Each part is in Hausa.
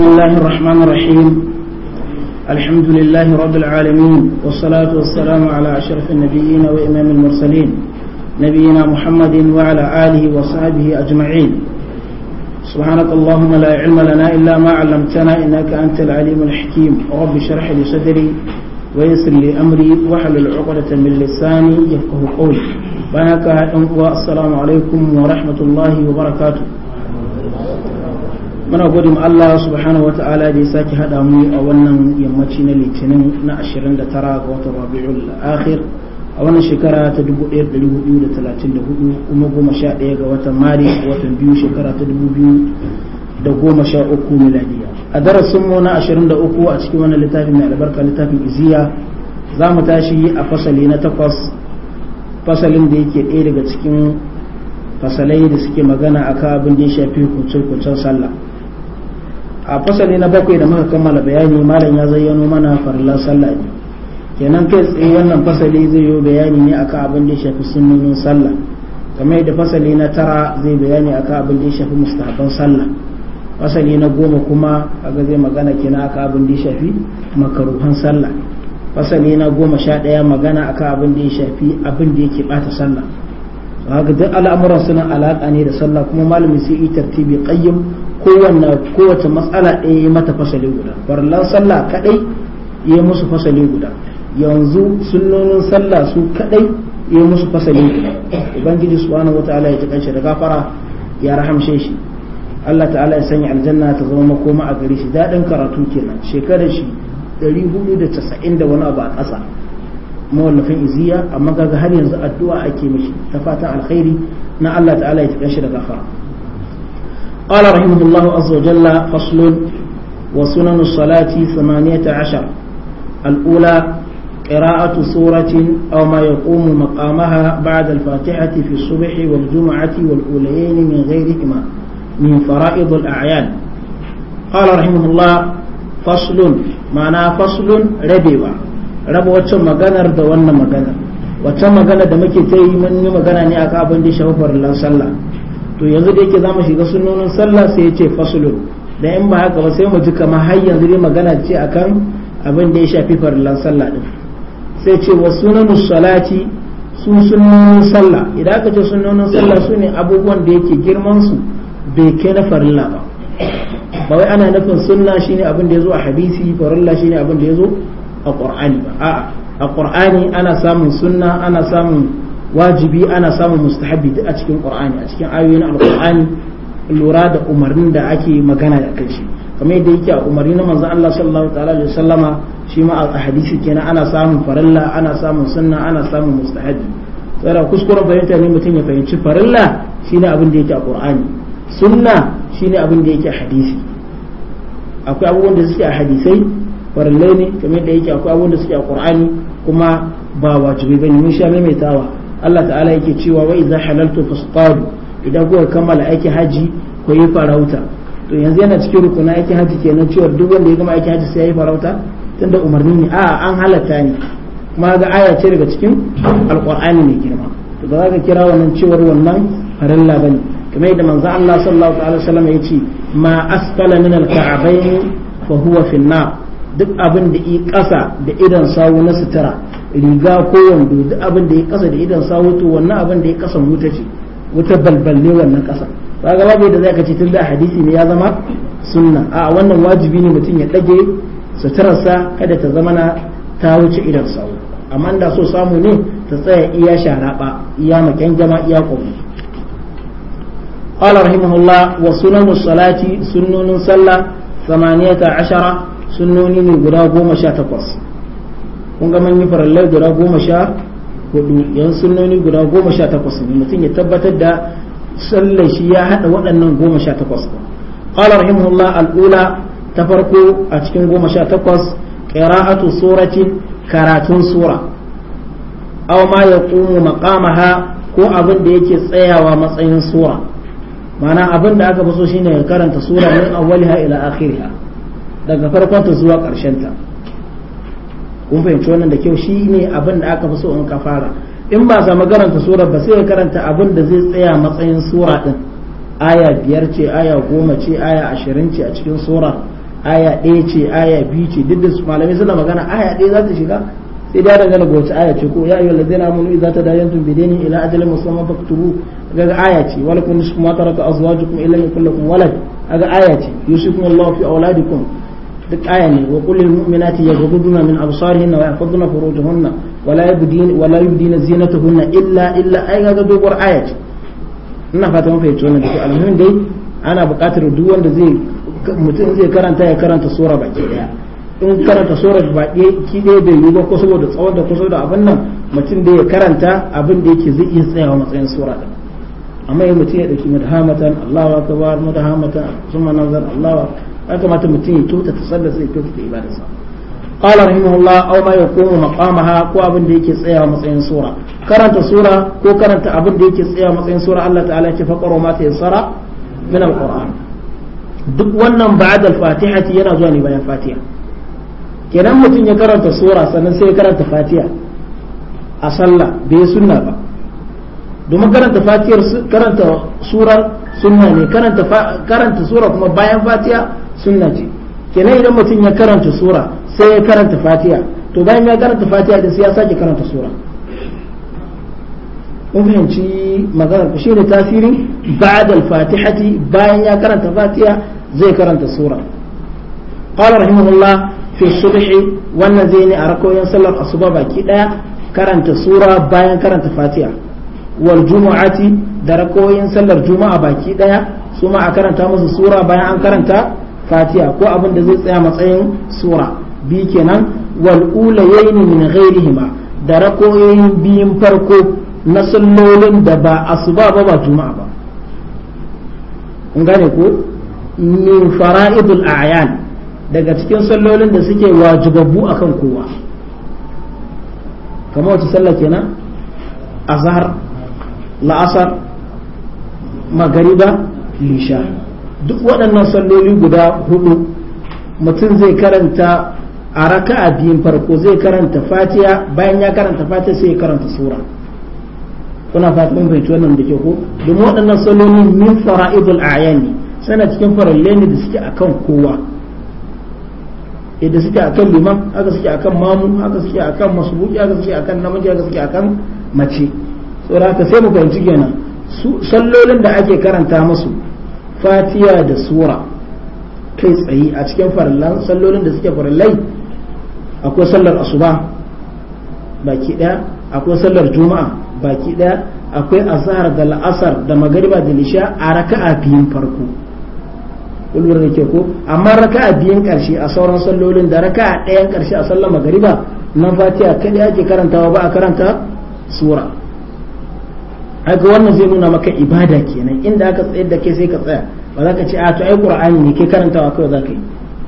بسم الله الرحمن الرحيم الحمد لله رب العالمين والصلاة والسلام على أشرف النبيين وإمام المرسلين نبينا محمد وعلى آله وصحبه أجمعين سبحانك اللهم لا علم لنا إلا ما علمتنا إنك أنت العليم الحكيم رب شرح لي صدري ويسر لي أمري واحلل عقدة من لساني يفقه قولي بنك السلام عليكم ورحمة الله وبركاته muna gode mu Allah subhanahu wata'ala da ya sake hada mu a wannan yammaci na litinin na 29 ga watan Rabiul Akhir a wannan shekara ta 1434 kuma goma sha ga watan Maris watan biyu shekara ta 2013 miladiya a darasin mu na 23 a cikin wannan littafin mai albarka littafin Iziya za mu tashi a fasali na takwas fasalin da yake ɗaya daga cikin fasalai da suke magana akan abin da ya shafi kuncin kuncin sallah a fasali na bakwai da muka kammala bayani malam ya zayyano mana farilla sallah ne kenan kai tsaye wannan fasali zai yi bayani ne akan abin da ya shafi sunnonin sallah kamar yadda fasali na tara zai bayani akan abin da ya shafi mustahabban sallah fasali na goma kuma kaga zai magana kenan akan abin da ya shafi makaruhan sallah fasali na goma sha ɗaya magana akan abin da ya shafi abin da yake ɓata sallah kaga duk al'amuran suna alaƙa ne da sallah kuma malami sai yi tartibi qayyim kowanne kowace matsala ɗaya ya mata fasali guda farlan sallah kadai ya musu fasali guda yanzu sunnonin sallah su kadai ya musu fasali guda ubangiji subhanahu wataala ya ji kanshi da gafara ya rahamshe shi Allah ta'ala ya sanya aljanna ta zama makoma a gare shi daɗin karatu kenan shekarar shi 490 da wani abu a ƙasa mawallafin iziya amma ga har yanzu addu'a ake mishi ta fatan alkhairi na Allah ta'ala ya tukan shi da gafara قال رحمه الله عز وجل فصل وسنن الصلاة ثمانية عشر الأولى قراءة سورة أو ما يقوم مقامها بعد الفاتحة في الصبح والجمعة والأوليين من غيرهما من فرائض الأعيان قال رحمه الله فصل معناه فصل ربيوة ربوة مغنر دون مغنر wacce magana da muke ta yi mun yi magana ne akan abin da ya shafi farlan sallah to yanzu da yake mu shiga sunnonin sallah sai ya ce fasulu da in ba haka ba sai mu ji kamar har yanzu dai magana ce akan abin da ya shafi farillan sallah din sai ce wa sunanu salati su sunnonin sallah idan aka ce sunnonin sallah su ne abubuwan da yake girman su bai kai na farilla ba ba wai ana nufin sunna shine abin da ya a hadisi farilla shine abin da ya a qur'ani ba a'a a qur'ani ana samun sunna ana samun wajibi ana samun mustahabi duk a cikin qur'ani a cikin ayoyin alqur'ani lura da umarnin da ake magana da kan shi kamar yadda yake a umarni na manzon Allah sallallahu ta'ala alaihi sallama shi ma a hadisi kenan ana samun farilla ana samun sunna ana samun mustahabi tsara kuskuren fahimta ne mutum ya fahimci farilla shine abin da yake a qur'ani sunna shine abin da yake a hadisi akwai abubuwan da suke a hadisai farillai ne kamar yadda yake akwai abubuwan da suke a qur'ani kuma ba wajibi bane mun sha maimaitawa Allah ta'ala yake cewa wa idza halaltu fasqadu idan kuka kammala aiki haji ko yi farauta to yanzu yana cikin rukunin aiki haji kenan cewa duk wanda ya gama aiki haji sai ya yi farauta tunda umarni ne a an halatta ne kuma ga aya ce daga cikin alqur'ani mai girma to ba za ka kira wannan cewar wannan farilla bane kamar yadda manzo Allah sallallahu alaihi wasallam ya ce ma asfala min alka'abain fa huwa fi duk abin da yi da idan sawu na sutura riga ko wando duk abin da ya kasa da idan sa wuto wannan abin da ya kasa wuta ce wuta balbal ne wannan kasa kaga babu yadda zaka ce tunda hadisi ne ya zama sunna a wannan wajibi ne mutum ya dage suturarsa kada ta zama na ta wuce idan sa amma da so samu ne ta tsaya iya sharaba iya makanjama iya wasu قال رحمه الله وسنن الصلاة سنن صلى ثمانية عشر سنن من قراء قوم شاتقص kun ga man farallai guda goma sha hudu yan sunnoni guda goma sha takwas ne mutum ya tabbatar da sallar shi ya haɗa waɗannan goma sha takwas qala rahimahullah al'ula ta farko a cikin goma sha takwas qira'atu suratin karatun sura aw ma yaqumu maqamaha ko abin da yake tsayawa matsayin sura ma'ana abin da aka fi so shine ya karanta sura min awwaliha ila akhiriha daga farkonta zuwa ƙarshenta ta kun fahimci wannan da kyau shine abin da aka fi so in ka fara in ba zama karanta surar ba sai ya karanta abin da zai tsaya matsayin sura din aya biyar ce aya goma ce aya ashirin ce a cikin sura aya ɗaya ce aya biyu ce duk da su malamai suna magana aya ɗaya za ta shiga sai da dangana ga wace aya ce ko ya za ta amanu tun bide ni ila ajalin musamman faktubu ga aya ce wani walakum nisfu ma taraka azwajukum illa in kullakum walad ga aya ce yusikum Allah fi auladikum duk aya ne wa mu'minati yaghudduna min absarihinna wa yahfazna furujahunna wa la wa la yubdina zinatahunna illa illa ai ga aya ce ina fata mun fahimci wannan duk alhamdulillah dai ana buƙatar duk wanda zai mutum zai karanta ya karanta sura baki daya in karanta sura baki ki dai bai yi ba ko saboda tsawon da ko saboda abin nan mutum da ya karanta abin da yake zai iya tsayawa matsayin sura din amma ya mutum ya dauki mudhamatan Allahu akbar mudhamatan summa nazar Allahu akbar ya kamata mutum ya kyautata sallarsa ya ta ibadarsa قال رحمه الله أو ما يقوم مقامها كو sura ديك سيا مصين سورة كرنت سورة كو كرنت أبن ديك سيا مصين سورة الله تعالى فقر ما تيسر من القرآن duk wannan ba'ad al-fatiha yana zuwa ne bayan fatiha kenan mutum ya karanta sura sannan sai ya karanta fatiha a sallah bai sunna ba domin karanta karanta surar sunna ne karanta karanta sura kuma bayan fatiha sunna ce kenan idan mutum ya karanta sura sai ya karanta fatiha to bayan ya karanta fatiha din sai ya sake karanta sura fahimci maganar ku shine tasirin ba'dal fatihati bayan ya karanta fatiha zai karanta sura qala rahimahullah fi subh wannan zai ne a rakoyin sallar asuba baki daya karanta sura bayan karanta fatiha wal jumu'ati da rakoyin sallar juma'a baki daya suma a karanta musu sura bayan an karanta fatiha ko abin da zai tsaya matsayin sura bi kenan wal ulayaini min ghairihima da rakoyoyin biyun farko na sallolin da ba asuba ba ba juma'a ba ngane ko min fara'idul a'yan daga cikin sallolin da suke wajibabbu akan kowa kamar wace sallah kenan azhar la'asar magariba lisha duk waɗannan salloli guda hudu mutum zai karanta a a biyun farko zai karanta fatiya bayan ya karanta fatiya sai ya karanta sura kuna fatan bai wannan da ke ko domin waɗannan salloli min fara'idul ayani sana cikin farallai ne da suke akan kowa idan suke akan liman haka suke akan mamu haka suke akan masubuki haka suke akan namiji haka suke akan mace saboda ka sai mu fahimci kenan su sallolin da ake karanta musu fatiya da sura kai tsaye a cikin farallan sallolin da suke farallai akwai sallar asuba baki daya akwai sallar juma'a baki daya akwai azhar da la'asar da magariba da nisha a raka'a biyun farko kulwar da ke ko amma raka'a biyun karshe a sauran sallolin da raka'a ɗayan karshe a sallar magariba nan fatiya kada ake karantawa ba a karanta sura aga wannan zai nuna maka ibada kenan inda aka tsayar da ke sai ka tsaya ba za ka ce a to ai qur'ani ne kai karantawa kawai za ka yi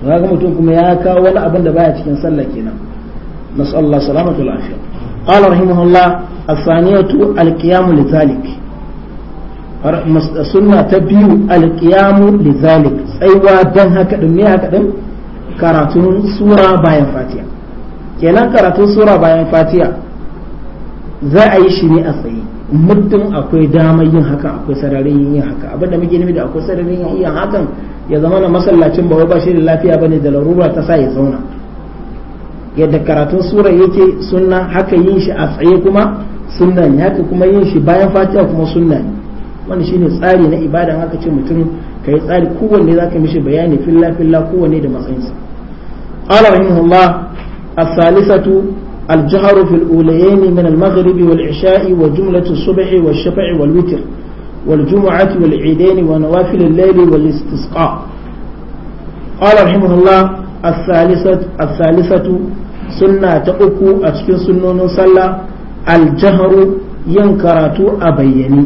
to kaga mutum kuma ya kawo wani abin da baya cikin sallah kenan nas'allahu salamatu wal qala rahimahullah as-saniyatu al-qiyamu li zalik sunna ta biyu al-qiyamu li zalik tsayuwa dan haka din ne haka din karatun sura bayan fatiha kenan karatun sura bayan fatiha za a yi shi ne a tsaye muddin akwai damar yin haka akwai sararin yin haka abin da muke nemi da akwai sararin yin hakan ya zama na masallacin ba wai ba shi da lafiya bane da larura ta sa ya zauna yadda karatun sura yake sunna haka yin shi a tsaye kuma sunna ne haka kuma yin shi bayan fatiha kuma sunna ne wannan shine tsari na ibada haka ce mutum kai tsari kowanne zaka mishi bayani filla filla kowanne da matsayinsa qala rahimahullah as-salisatu الجهر في الأوليين من المغرب والعشاء وجملة الصبح والشفع والوتر والجمعة والعيدين ونوافل الليل والاستسقاء قال رحمه الله الثالثة الثالثة سنة تأكو أتكن سنون صلى الجهر ينكراتو أبيني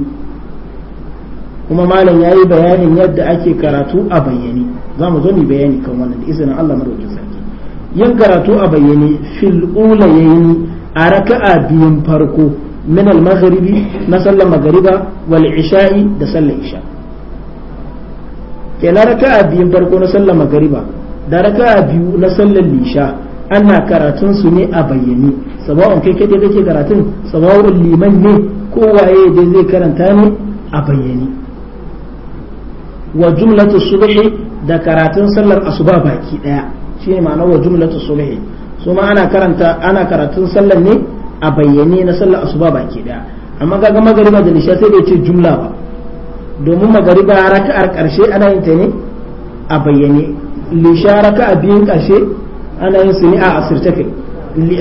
kuma malam ya yi bayanin yadda ake karatu a bayyane za mu zo mu bayani kan wannan da izinin Allah madaukakin sarki yin karatu a bayyane fil ulayayn a raka'a biyun farko min al maghribi na sallar magariba wal isha'i da sallar isha kenan raka'a biyun farko na sallar magariba da raka'a biyu na sallar isha ana karatun su ne a bayyane sabawun kai kai kake karatun sabawun liman ne kowaye dai zai karanta ne a bayyane wa jumlatu subhi da karatun sallar asuba baki daya ne ma'ana wa jumlatu sulhi su ma ana karanta ana karatun sallar ne a bayyane na sallar asuba baki daya amma kaga magariba da nisha sai da ce jumla ba domin magariba raka'ar karshe ana yin ta ne a bayyane lisha raka'a biyun karshe ana yin su ne a asirce kai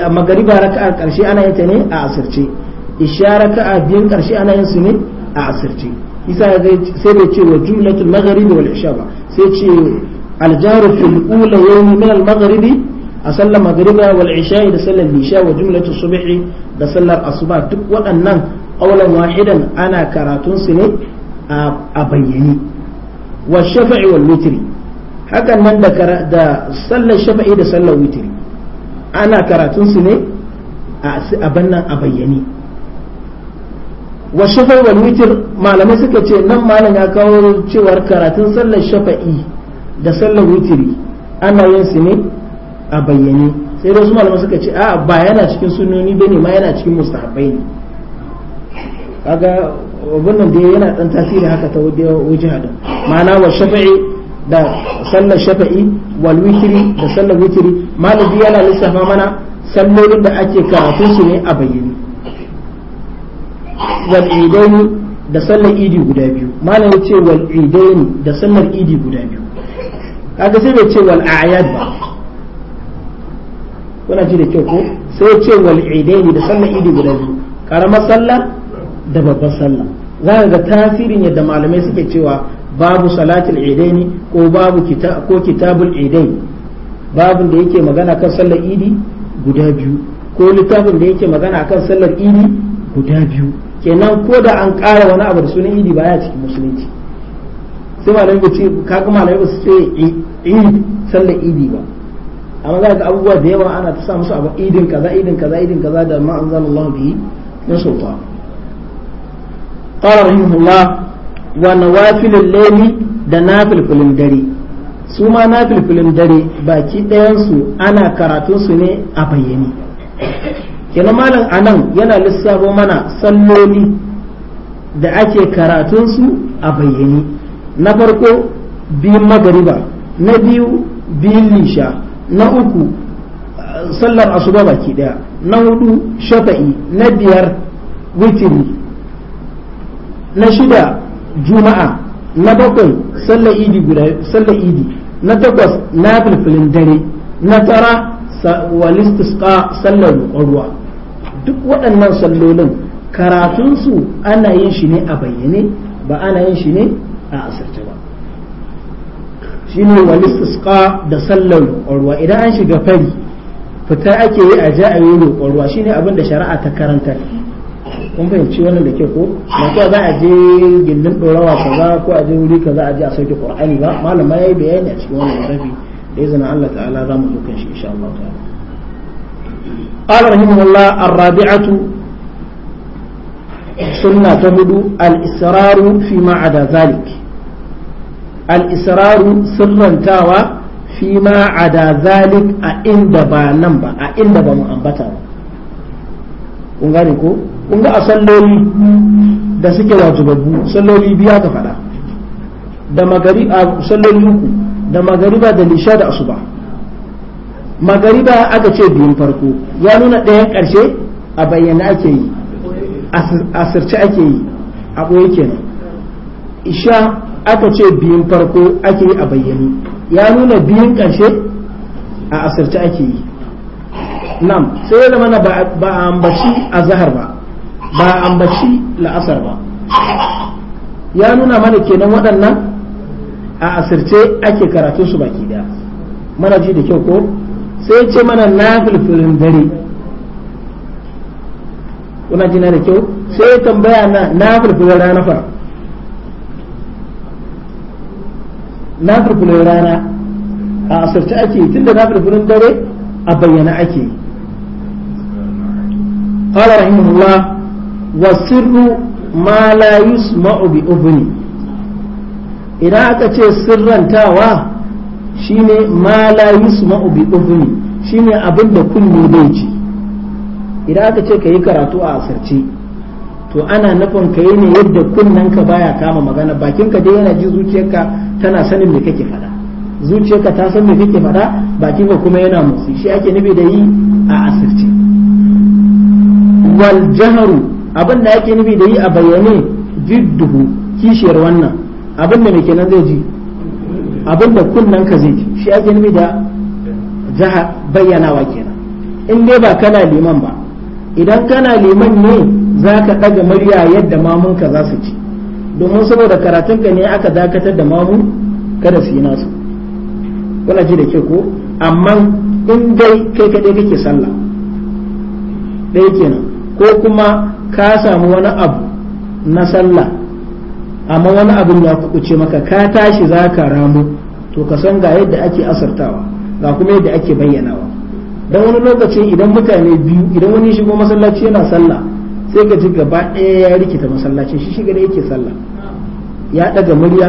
magariba raka'ar karshe ana yin ta ne a asirce isha raka'a biyun karshe ana yin su ne a asirce isa sai bai ce wa jumlatul magharibi wal isha ba sai ce الجار في الأولى يوم من المغرب أصلى مغربا والعشاء دسل العشاء وجملة الصبح دسل الأصبع دك وأنن قولا واحدا أنا كراتون سنة أبيني والشفع والوتر haka nan da da sallar shafa'i da sallar witiri ana karatun ne a bannan a bayyane wa shafa'i wal witir malamai suka ce nan malam ya kawo cewar karatun sallar shafa'i da sallar witiri ana yin su ne a bayyane sai dai wasu malamai suka ce a ba yana cikin sunoni ba ne ma yana cikin mustahabai ne kaga wannan da yana dan tasiri haka ta wajen hadin ma'ana wa shafi'i da sallar shafi'i wal witiri da sallar witiri malami yana lissafa mana sallolin da ake karatun su ne a bayyane wal idaini da sallar idi guda biyu ce wal idaini da sallar idi guda biyu kaga sai bai ce wal a'yad ba kuna ji da kyau ko sai ce wal idaini da sallar idi guda biyu karamar sallah da babbar sallah za ka ga tasirin yadda malamai suke cewa babu salatul idaini ko babu ko kitabul idain babun da yake magana kan sallar idi guda biyu ko littafin da yake magana kan sallar idi guda biyu kenan ko da an ƙara wani abu da sunan idi baya cikin musulunci sai malamai ba ce kaga malamai ba su ce idi sallar idi ba amma za ka abubuwa da yawa ana ta sa musu abu idin kaza idin kaza idin kaza da ma anzalallahu bihi na sultan qala rahimahullah wa nawafilul layli da nafilfilin dare su ma nafilfilin dare baki ɗayansu ana karatun su ne a bayyane kenan malam anan yana lissafo mana salloli da ake karatun su a bayyane na farko biyun magariba na biyu biyun nisha na uku sallar asuba baki daya na hudu shafa'i na biyar witiri na shida juma'a na bakwai sallar idi guda sallar idi na takwas na filfilin dare na tara walistiska sallar ruwa duk waɗannan sallolin karatunsu ana yin shi ne a bayyane ba ana yin shi ne a asirce ba shine wal da sallar ruwa idan an shiga fari fita ake yi a ja'a yi roƙon ruwa shine abin da shari'a ta karanta kun fahimci wannan da ke ko ba ko za a je gindin ɗorawa kaza ko a je wuri kaza a je a sauke qur'ani ba malama yayi bayani a cikin wannan rabi da izinin Allah ta'ala za mu ɗaukan kan shi insha Allah ta'ala قال رحمه الله sunna ta hudu al-israru fi ma ada zalik al-israru sirrantawa fi ma ada zalik a inda ba nan ba a inda ba mu ambata ba kun gane ko kun a salloli da suke wajibabbu salloli biya ka faɗa da magari a salloli uku da magariba da lisha da asuba magariba aka ce biyun farko ya nuna ɗayan ƙarshe a bayyana ake yi asirce ake yi a ɓoye kenan isha aka ce biyun farko ake yi a bayyane ya nuna biyun ƙarshe a asirce ake yi nan sai ya zama ba a ambaci a zahar ba ba a ambaci la'asar ba ya nuna mana kenan waɗannan a asirce ake karatun su baki daya mana ji da kyau ko sai ce mana na filfilin dare kuna jina da kyau sai ya tambaya na na furfura rana fa na furfura rana a asirce ake yi tunda na furfurin dare a bayyana ake yi قال رحمه الله والسر ما لا يسمع بأذني idan aka ce sirrantawa shine ma la yusma'u bi udhni shine abinda da kunne ji idan aka ce ka yi karatu a asirce to ana nufin ka yi ne yadda kunnen ka baya kama magana bakin ka dai yana ji zuciyarka tana sanin me kake faɗa zuciyarka ta san me kake faɗa bakinka ka kuma yana motsi shi ake nufi da yi a asirce wal jaharu abin da ake nufi da yi a bayyane jidduhu kishiyar wannan abin da me nan zai ji abin da kunnen ka zai ji shi ake nufi da bayyanawa kenan in dai ba kana liman ba idan kana liman ne za ka ɗaga murya yadda mamunka za su ci domin saboda karatunka ne aka dakatar da mamun kada su yi nasu kuna ji da ke ko amma in dai kai kaɗai kake sallah ɗaya kenan ko kuma ka samu wani abu na sallah amma wani abin ya kuce maka ka tashi za ka ramu to ka san ga yadda ake asartawa ga kuma yadda ake bayyanawa dan wani lokaci idan mutane biyu idan wani shigo masallaci yana sallah sai ka ji gaba ɗaya ya rikita masallaci shi shiga da yake sallah ya ɗaga murya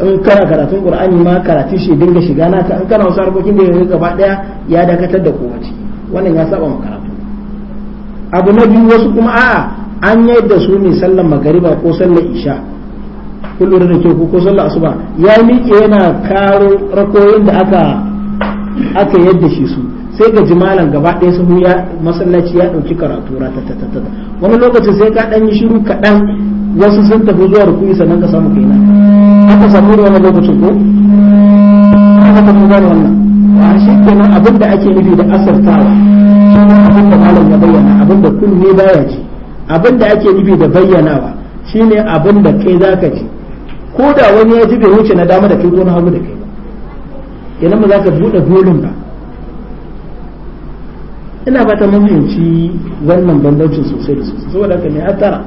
in kana karatun qur'ani ma karatun shi dinga shiga naka in kana wasu harkokin da yanzu gaba ɗaya ya dakatar da kowace wannan ya saba ma abu na biyu wasu kuma a'a an yi da su ne sallar magariba ko sallar isha kullum da ke ko sallar asuba ya miƙe yana karo rakoyin da aka aka yadda shi su sai ga jimalan gaba ɗaya su ya masallaci ya ɗauki karatu ta wani lokaci sai ka ɗan yi shiru kaɗan wasu sun tafi zuwa rukuni sannan ka samu kaina aka samu da wani lokacin ko aka tafi gane wannan a shi kenan abin da ake nufi da asartawa shi ne abin da malam ya bayyana abin da ne baya ji abin da ake nufi da bayyanawa shine abin da kai zaka ji ko da wani ya ji bai wuce na dama da kai ko na hagu da kai idan ba za ka buɗe golin ba ina ba ta mahimci wannan bambancin sosai da sosai saboda ne a tara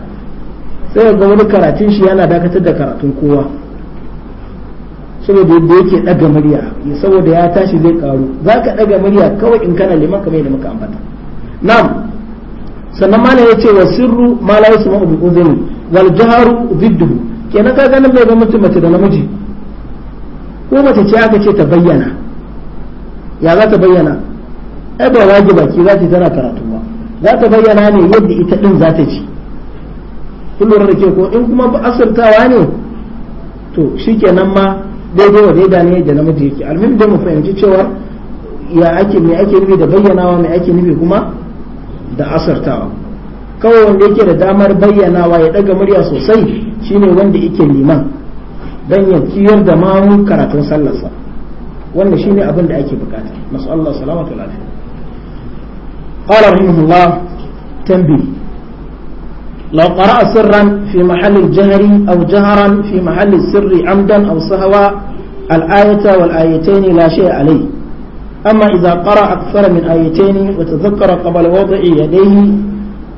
sai ga wani karatun shi yana dakatar da karatun kowa saboda yadda yake ɗaga murya saboda ya tashi zai karu za ka ɗaga murya kawai in kana liman kamar yadda muka ambata na'am sannan mana ya ce wa sirru mala ya sama ubi uzini wal zidduhu kenan ka ganin bai ga mutum mace da namiji ko mace ce aka ce ta bayyana ya za ta bayyana ai ba waje baki za ta tana karatu ba za ta bayyana ne yadda ita din za ta ci kun lura da ke ko in kuma ba asirtawa ne to shikenan ma daidai wa daida ne da namiji yake almin da mu fahimci cewa ya ake me ake nufi da bayyanawa me ake nufi kuma da asirtawa kawai wanda yake da damar bayyanawa ya daga murya sosai shine wanda yake liman dan ya ciyar da mamu karatun sallarsa wannan shine abin da ake bukata nasu Allah salamatu lafiya qala rahimahullah tanbih law qara'a sirran fi mahall al-jahri aw jaharan fi mahall sirri amdan aw sahwa al-ayata wal ayatayn la shay'a alayhi أما إذا قرأ أكثر من آيتين وتذكر قبل وضع يديه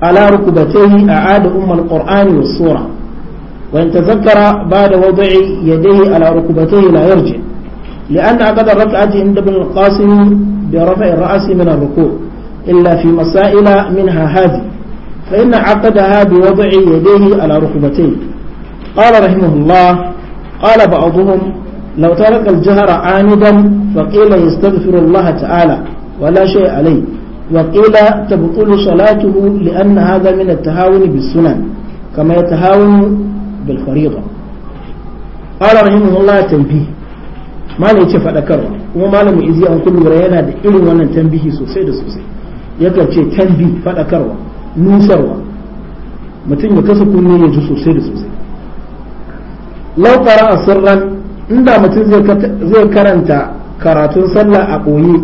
على ركبتيه أعاد أم القرآن والسورة وإن تذكر بعد وضع يديه على ركبتيه لا يرجع لأن عقد الركعة عند ابن القاسم برفع الرأس من الركوع إلا في مسائل منها هذه فإن عقدها بوضع يديه على ركبتيه قال رحمه الله قال بعضهم لو ترك الجهر عامدا فقيل يستغفر الله تعالى ولا شيء عليه وقيل تبطل صلاته لأن هذا من التهاون بالسنن كما يتهاون بالفريضة قال رحمه الله تنبيه ما لا يتشف أذكره kuma malamin izi an kun yana da irin wannan tambihi sosai da sosai yakan ce tambi faɗakarwa nusarwa mutum ya kasa kunne ya ji sosai da sosai lau a sirran inda mutum zai karanta karatun sallah a ɓoye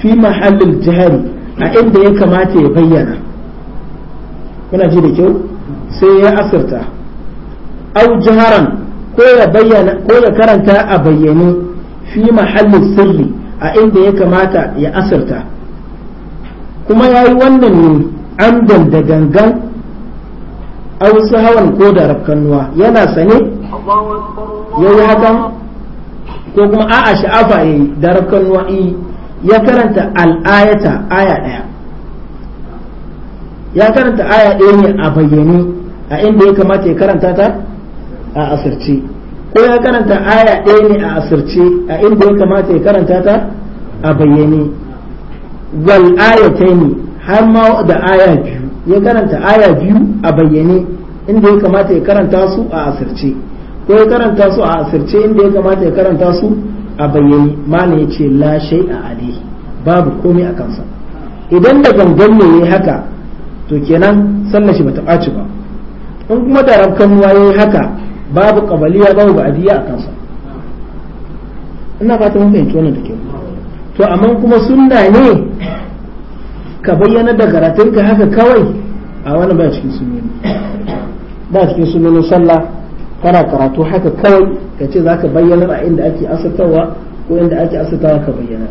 fi mahallin jihari a inda ya kamata ya bayyana kuna ji da kyau sai ya asirta au jiharan ko ya karanta a bayyane fi mahallin sirri a inda ya kamata ya asirta kuma ya yi wannan ne an da gangan ausu hawan ko da rakkanuwa yana sane ya yi hakan ko kuma a'a sha'afa ya yi da yi ya karanta al'ayata aya ɗaya ya karanta aya ɗaya ne a bayyane a inda ya kamata ya karanta ta a asirce ko ya karanta aya ɗaya ne a asirce a inda ya kamata ya karanta ta a bayyane wal ne har ma da aya biyu ya karanta aya biyu a bayyane inda ya kamata ya karanta su a asirce ko ya karanta su a asirce inda ya kamata ya karanta su a bayyane malam ya ce la a alihi babu komai a kansa idan da gangan ne haka to kenan sallar shi bata ɓaci ba in kuma da rafkan ya yi haka babu kabaliya babu ba'adiyya a kansa ina fata mun fahimci wannan da kyau to amma kuma sunna ne ka bayyana da karatun ka haka kawai a wani ba cikin sunnoni ba cikin sunnonin sallah kana karatu haka kawai ka ce za ka bayyana a inda ake asatawa ko inda ake asatawa ka bayyana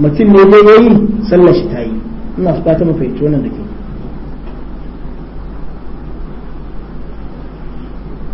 mutum ne dai yayi sallah shi ta yi ina fata mun fahimci wannan da kyau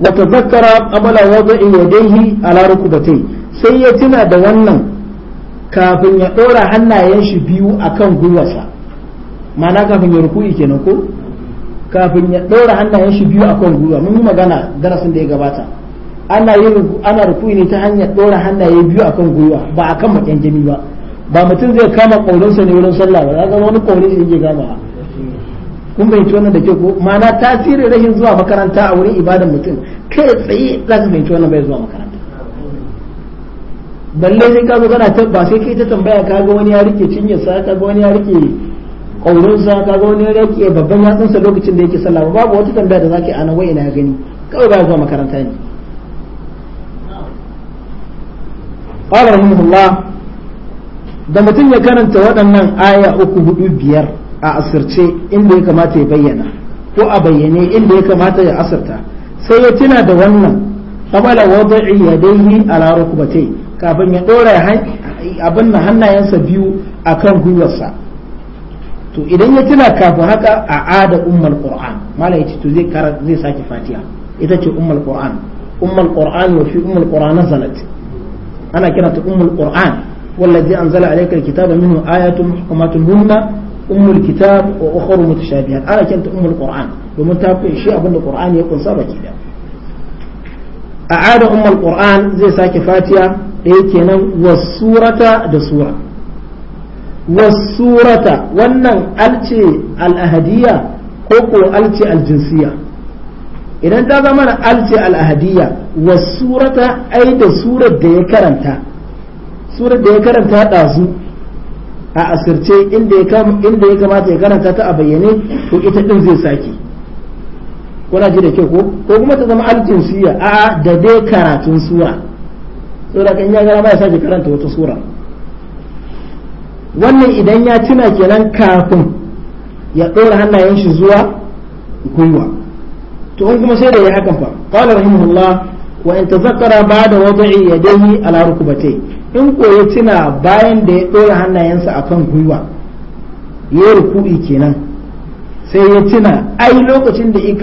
وتذكر قبل وضع يديه على ركبتيه sai ya tuna da wannan kafin ya ɗora hannayen shi biyu a kan gwiwarsa ma'ana kafin ya ruku'i kenan ko kafin ya ɗora hannayen shi biyu a kan gwiwa mun yi magana darasin da ya gabata ana yin ana ruku'i ne ta hanyar ɗora hannaye biyu a kan gwiwa ba a kan makyanjami ba ba mutum zai kama ƙaurinsa ne wurin sallah ba ya zama wani ƙaurin shi yake gamawa kun fahimci wannan da ke ko ma'ana tasirin rashin zuwa makaranta a wurin ibadan mutum kai tsaye za ka fahimci wannan bai zuwa makaranta balle sai ka zo kana ta ba sai kai ta tambaya ka ga wani ya rike sa ka ga wani ya rike sa ka ga wani ya rike babban sa lokacin da yake sallah babu wata tambaya da zaka yi ana wai ina gani kawai ba zuwa makaranta ne qala rahimahullah da mutum ya karanta waɗannan aya uku hudu biyar a asirce inda ya kamata ya bayyana ko a bayyane inda ya kamata ya asirta sai ya tuna da wannan qabala wada'i yadayhi ala rukbatay kafin ya dora abin na hannayensa biyu akan gwiwarsa to idan ya tuna kafin haka a ada ummul qur'an mala to zai kara zai saki fatiha ita ce ummul qur'an ummul qur'an wa fi ummul qur'an nazalat ana kiranta ummul qur'an والذي anzala عليك الكتاب منه ayatun محكمات hunna ummul kitab wa ukhra mutashabihat ana kanta ummul qur'an domin ta kunshi abinda qur'ani ya kunsa baki da a'ada ummul qur'an zai sake fatiha ɗaya kenan wasurata da sura wasurata wannan alce al'ahadiyya ko ko alce idan ta zama na alce al'ahadiyya wasurata ai da surar da ya karanta surar da ya karanta ɗazu a asirce inda ya kamata ya karanta ta a bayyane to ita din zai sake kuna ji da kyau ko ko kuma ta zama aljinsiya a da dai karatun sura saboda kan ya gara ba ya sake karanta wata sura wannan idan ya tuna kenan kafin ya ɗora hannayen shi zuwa gwiwa to in kuma sai da ya hakan fa qala rahimahullah wa in tazakkara ba'da wada'i yadayhi ala rukbatayhi in ko tuna bayan da ya ɗora hannayensa a kan gwiwa ya yi rukuɗi kenan sai ya tuna ai lokacin da ya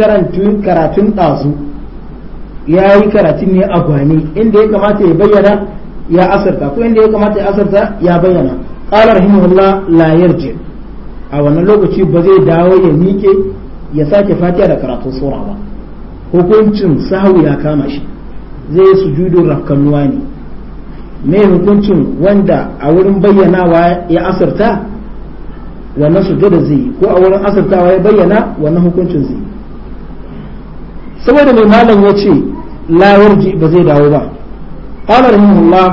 karatun ɗazu ya yi karatun ne a gwani inda ya kamata ya bayyana ya asarta ko inda ya kamata ya asarta ya bayyana ƙalar rahimahullah la yarji a wannan lokaci ba zai dawo ya miƙe ya sake fatiha da karatun sura ba hukuncin sahu ya kama shi zai sujudun rakkanuwa ne mai hukuncin wanda a wurin bayyanawa ya asirta wannan da zai ko a wurin asirtawa ya bayyana wannan hukuncin zai saboda mai malam ya ce lawar ji ba zai dawo ba qala rahimahullah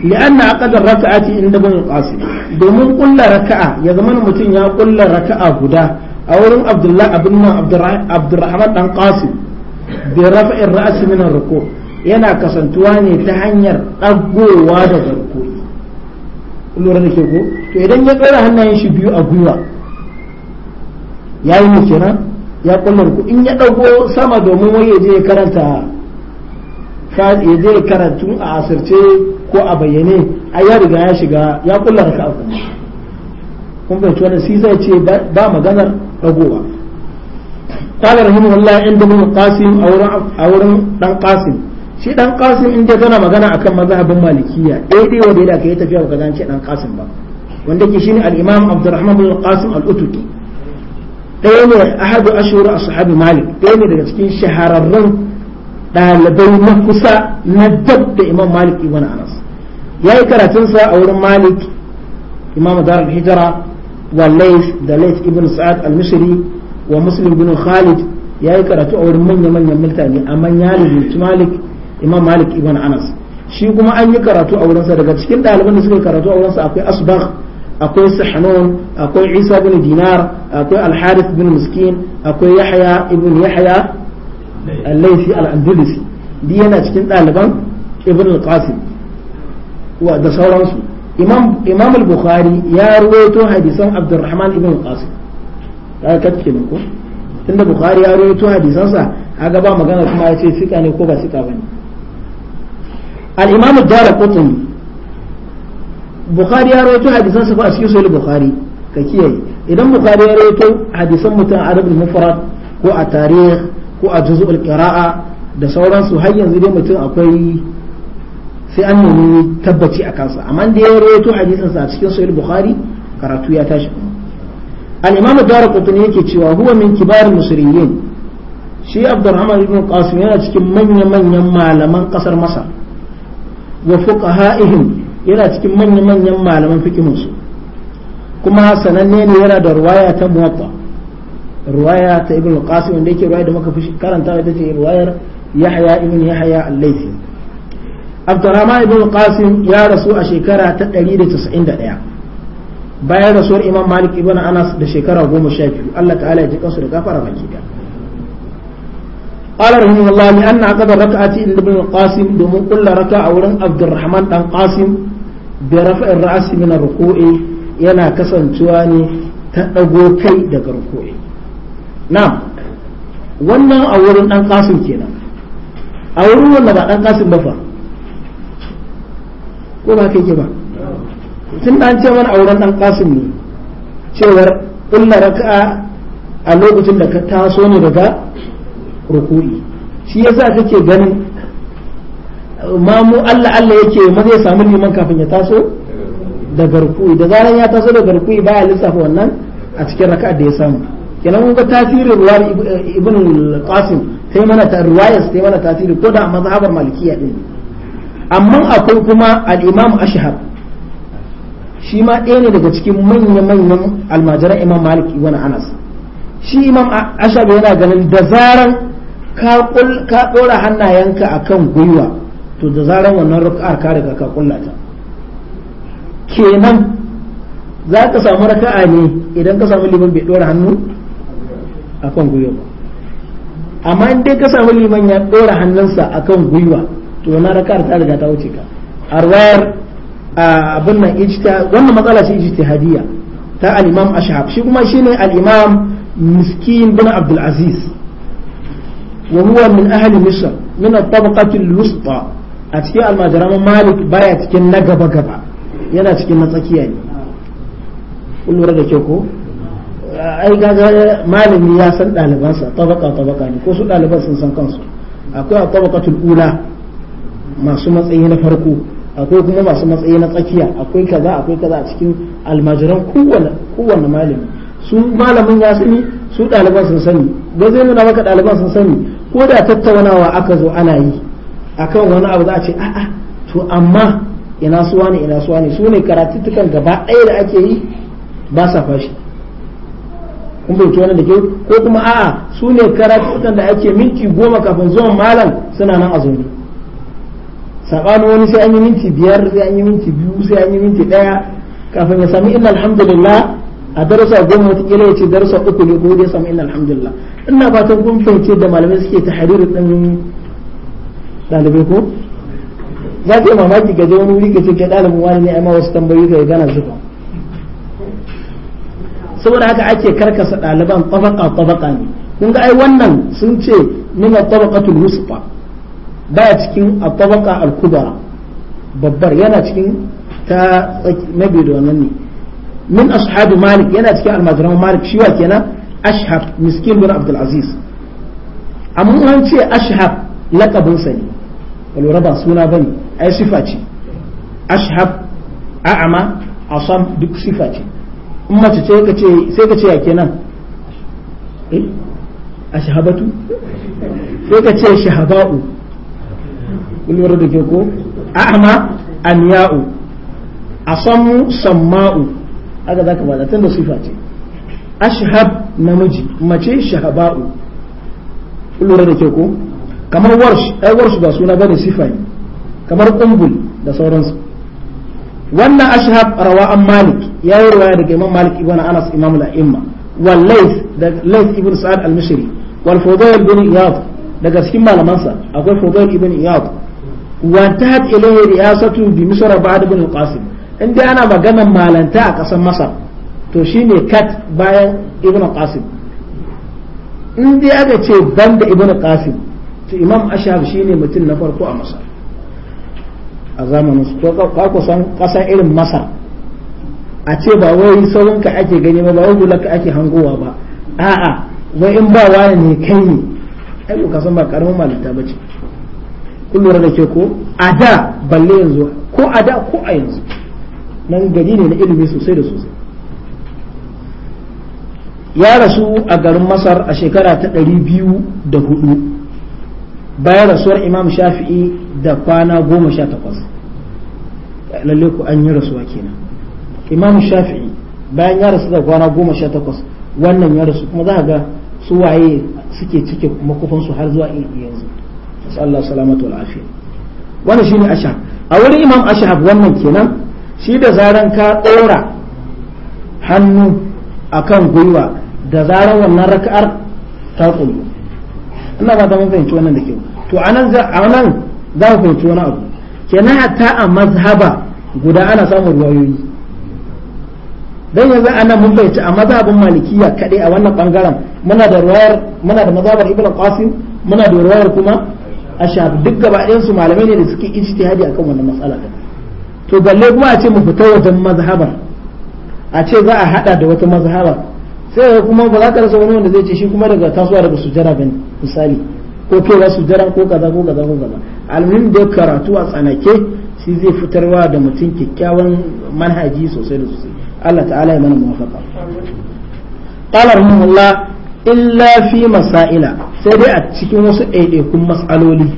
لأن عقد الركعة inda ban القاسم domin kulla raka'a ya zama mutum ya ƙulla raka'a guda a wurin Abdullahi abin Abdurrahman dan Qasim bi rafa'ir ra'si min yana kasantuwa ne ta hanyar ɗagowa da garkuwa lura da ke ko to idan ya ɗora hannayen shi biyu a gwiwa ya yi muke nan ya kulla ku in ya ɗago sama domin wai ya je karanta ya je karantu a asirce ko a bayyane a ya riga ya shiga ya kulla ka a kuma kun fahimci wannan shi zai ce ba maganar ɗagowa قال رحمه الله عند ابن القاسم أو أو دان قاسم shi dan kasim in kana magana akan mazhabin malikiya daidai wanda yadda kai tafiya baka zance dan kasim ba wanda ke shine al-imam abdurrahman bin qasim al-utuki ɗaya ne ahadu ashhur ashabi malik ɗaya ne daga cikin shahararrun ɗalibai na kusa na dab da imam malik ibn anas yayi karatun sa a wurin malik imam dar al-hijra wa layth da layth ibn sa'ad al-misri wa muslim ibn khalid yayi karatu a wurin manyan manyan mutane amma ya rubuta malik imam malik ibn anas shi kuma an yi karatu a wurinsa daga cikin ɗaliban da suka yi karatu a wurinsa akwai asbah akwai sahnun akwai isa bin dinar akwai alharith bin miskin akwai yahya ibn yahya al-laythi al-andalusi di yana cikin ɗaliban ibn al-qasim wa da sauransu imam imam al-bukhari ya ruwaito hadisan abdurrahman ibn al-qasim ka katke ko tunda bukhari ya ruwaito hadisansa kaga ba magana kuma ya ce fika ne ko ba fika bane al-imam ad-darqutni bukhari ya rawaito hadisan sa fa a cikin sahih bukhari ka kiyaye idan bukhari ya rawaito hadisan mutum arab al ko a tarikh ko a da sauransu har yanzu dai mutum akwai sai an nemi tabbaci a kansa amma da ya rawaito hadisin sa a cikin sahih bukhari karatu ya tashi al-imam ad yake cewa huwa min kibar musriyin shi abdurrahman ibn qasim yana cikin manyan manyan malaman kasar masar wa fuqaha'ihim yana cikin manyan manyan malaman fiqhin su kuma sananne ne yana da ruwaya ta muwatta ruwaya ta ibn al-qasim wanda yake ruwaya da muka fi karanta ita ce ruwayar yahya ibn yahya al-laythi abdurrahman ibn al-qasim ya rasu a shekara ta 191 bayan rasuwar imam malik ibn anas da shekara 12 Allah ta'ala ya ji kansu da gafara baki daya قال رحمه الله لأن عقد الركعة عند ابن القاسم دم كل ركعة ورن عبد الرحمن بن قاسم برفع الرأس من الركوع ينا كسن تواني تأبو كي دك ركوع نعم wannan a wurin ɗan kasim kenan a wurin wanda ba ɗan kasim ba fa ko ba kai ke ba tun an ce mana a wurin ɗan ne cewar ƙulla raka'a a lokacin da ka taso ne daga ruku'i shi yasa kake ganin mamu Allah Allah yake ma zai samu liman kafin ya taso da garkuwi da zaran ya taso da garkuwi baya lissafa wannan a cikin raka'a da ya samu kenan mun ga tasirin ruwar ibn qasim sai mana ta ruwayar sai mana ko da mazhabar malikiyya din amma akwai kuma al-imam ashhab shi ma ɗaya ne daga cikin manya manyan almajiran imam maliki wani anas shi imam ashhab yana ganin da zaran ka ɗora hannayenka a kan gwiwa to da zarar wannan raka'ar ka riga ka kullata kenan za ka samu raka'a ne idan ka samu liman bai ɗora hannu a kan gwiwa ba amma in dai ka samu liman ya ɗora hannunsa a kan gwiwa to wannan raka'ar ta riga ta wuce ka a ruwayar abin nan Ijita, wannan matsala ce ijtihadiyya ta al-imam ashab shi kuma shine al-imam miskin bin abdul aziz وهو من أهل مصر من الطبقة الوسطى أتكي المجرم مالك بايا تكي نقبا قبا ينا تكي نتكي يعني قل ورد كيكو ai gaga malami ya san ɗalibansa tabaka tabaka ne ko su ɗaliban sun san kansu akwai a ula masu matsayi na farko akwai kuma masu matsayi na tsakiya akwai kaza akwai kaza a cikin almajiran kowane malami su malamin ya su ɗaliban sun sani ba zai nuna maka ɗaliban sun sani ko da tattaunawa aka zo ana yi kan wani abu za a ce a'a to amma ina suwa ne ina suwa ne su ne karatuttukan gaba ɗaya da ake yi ba sa fashi kun bai wani da ke ko kuma a'a su ne karatuttukan da ake minti goma kafin zuwan malam suna nan a zaune saɓanin wani sai an yi minti biyar sai an yi minti biyu sai an yi minti ɗaya kafin ya sami inna alhamdulillah a darasa goma watakila ya ce darasa uku ne kuma ya samu illa alhamdulillah ina fatan kun fahimce da malamai suke ta hariri ɗin ɗalibai ko za ka yi mamaki ga wani wuri ka ce ke ɗalibin wani ne amma wasu tambayi ka gana zuba saboda haka ake karkasa ɗaliban tabaka tabaka ne kun ga ai wannan sun ce min tabaqatul wusfa baya cikin a tabaqa al-kubra babbar yana cikin ta na da wannan ne min ashabi malik yana cikin almajiran malik shi wa kenan ashhab miskin bin abdul aziz amma an ce ashhab lakabin ne walura ba asam sai eh? samma'u haka zaka bada tunda sifa ce ashhab namiji mace shahaba'u lura da ke ko kamar warsh ai warsh ba suna bane sifa ne kamar qumbul da sauransu wannan ashhab rawa an malik yayi riwaya daga imam malik ibn anas imam al wal lays da lays ibn sa'ad al-mishri wal fudail ibn iyad daga cikin malamansa akwai fudail ibn iyad wa tahat ilayhi riyasatu bi misra ba'd ibn al-qasim in dai ana maganar malanta a ƙasar masar to shi ne kat bayan ibn qasim in dai aka ce banda ibn qasim to imam ashab ne mutum na farko a masar a zamanin su to ka kusan irin masar a ce ba wai sauran ake gani ba ba wai gulaka ake hangowa ba a'a wai in ba wani ne kai ne ai ka san ba karamin malanta bace kun da ke ko a da balle yanzu ko a da ko a yanzu nan gari ne na ilimi sosai da sosai ya rasu a garin masar a shekara ta ɗari biyu da hudu bayan rasuwar imam shafi'i da kwana goma sha takwas lalle ku an yi rasuwa kenan imam shafi'i bayan ya rasu da kwana goma sha takwas wannan ya rasu kuma za ga su waye suke cike makofansu har zuwa yanzu Allah salamatu wal afiya wannan shine ashab a wurin imam ashab wannan kenan shi da zaran ka ɗora hannu a kan gwiwa da zaran wannan raka'ar ta kullu ina ba ta mun fahimci wannan da kyau to nan za a nan za ku fahimci wani abu kenan hatta a mazhaba guda ana samun ruwayoyi dan yanzu nan mun fahimci a mazhabin malikiya kaɗai a wannan bangaren muna da ruwayar muna mazhabar ibn qasim muna da ruwayar kuma a shafi duk gaba ɗayan su malamai ne da suke ijtihadi akan wannan matsala to balle kuma a ce mu fita wajen mazhabar a ce za a hada da wata mazhabar sai kuma ba za ka rasa wani wanda zai ce shi kuma daga tasowa daga sujjara bin misali ko towa sujjara ko kaza ko kaza ko kaza almin da karatu a tsanake shi zai fitarwa da mutum kyakkyawan manhaji sosai da sosai Allah ta'ala ya mana muwafaqa qala rahimahullah illa fi masaila sai dai a cikin wasu ɗaiɗaikun matsaloli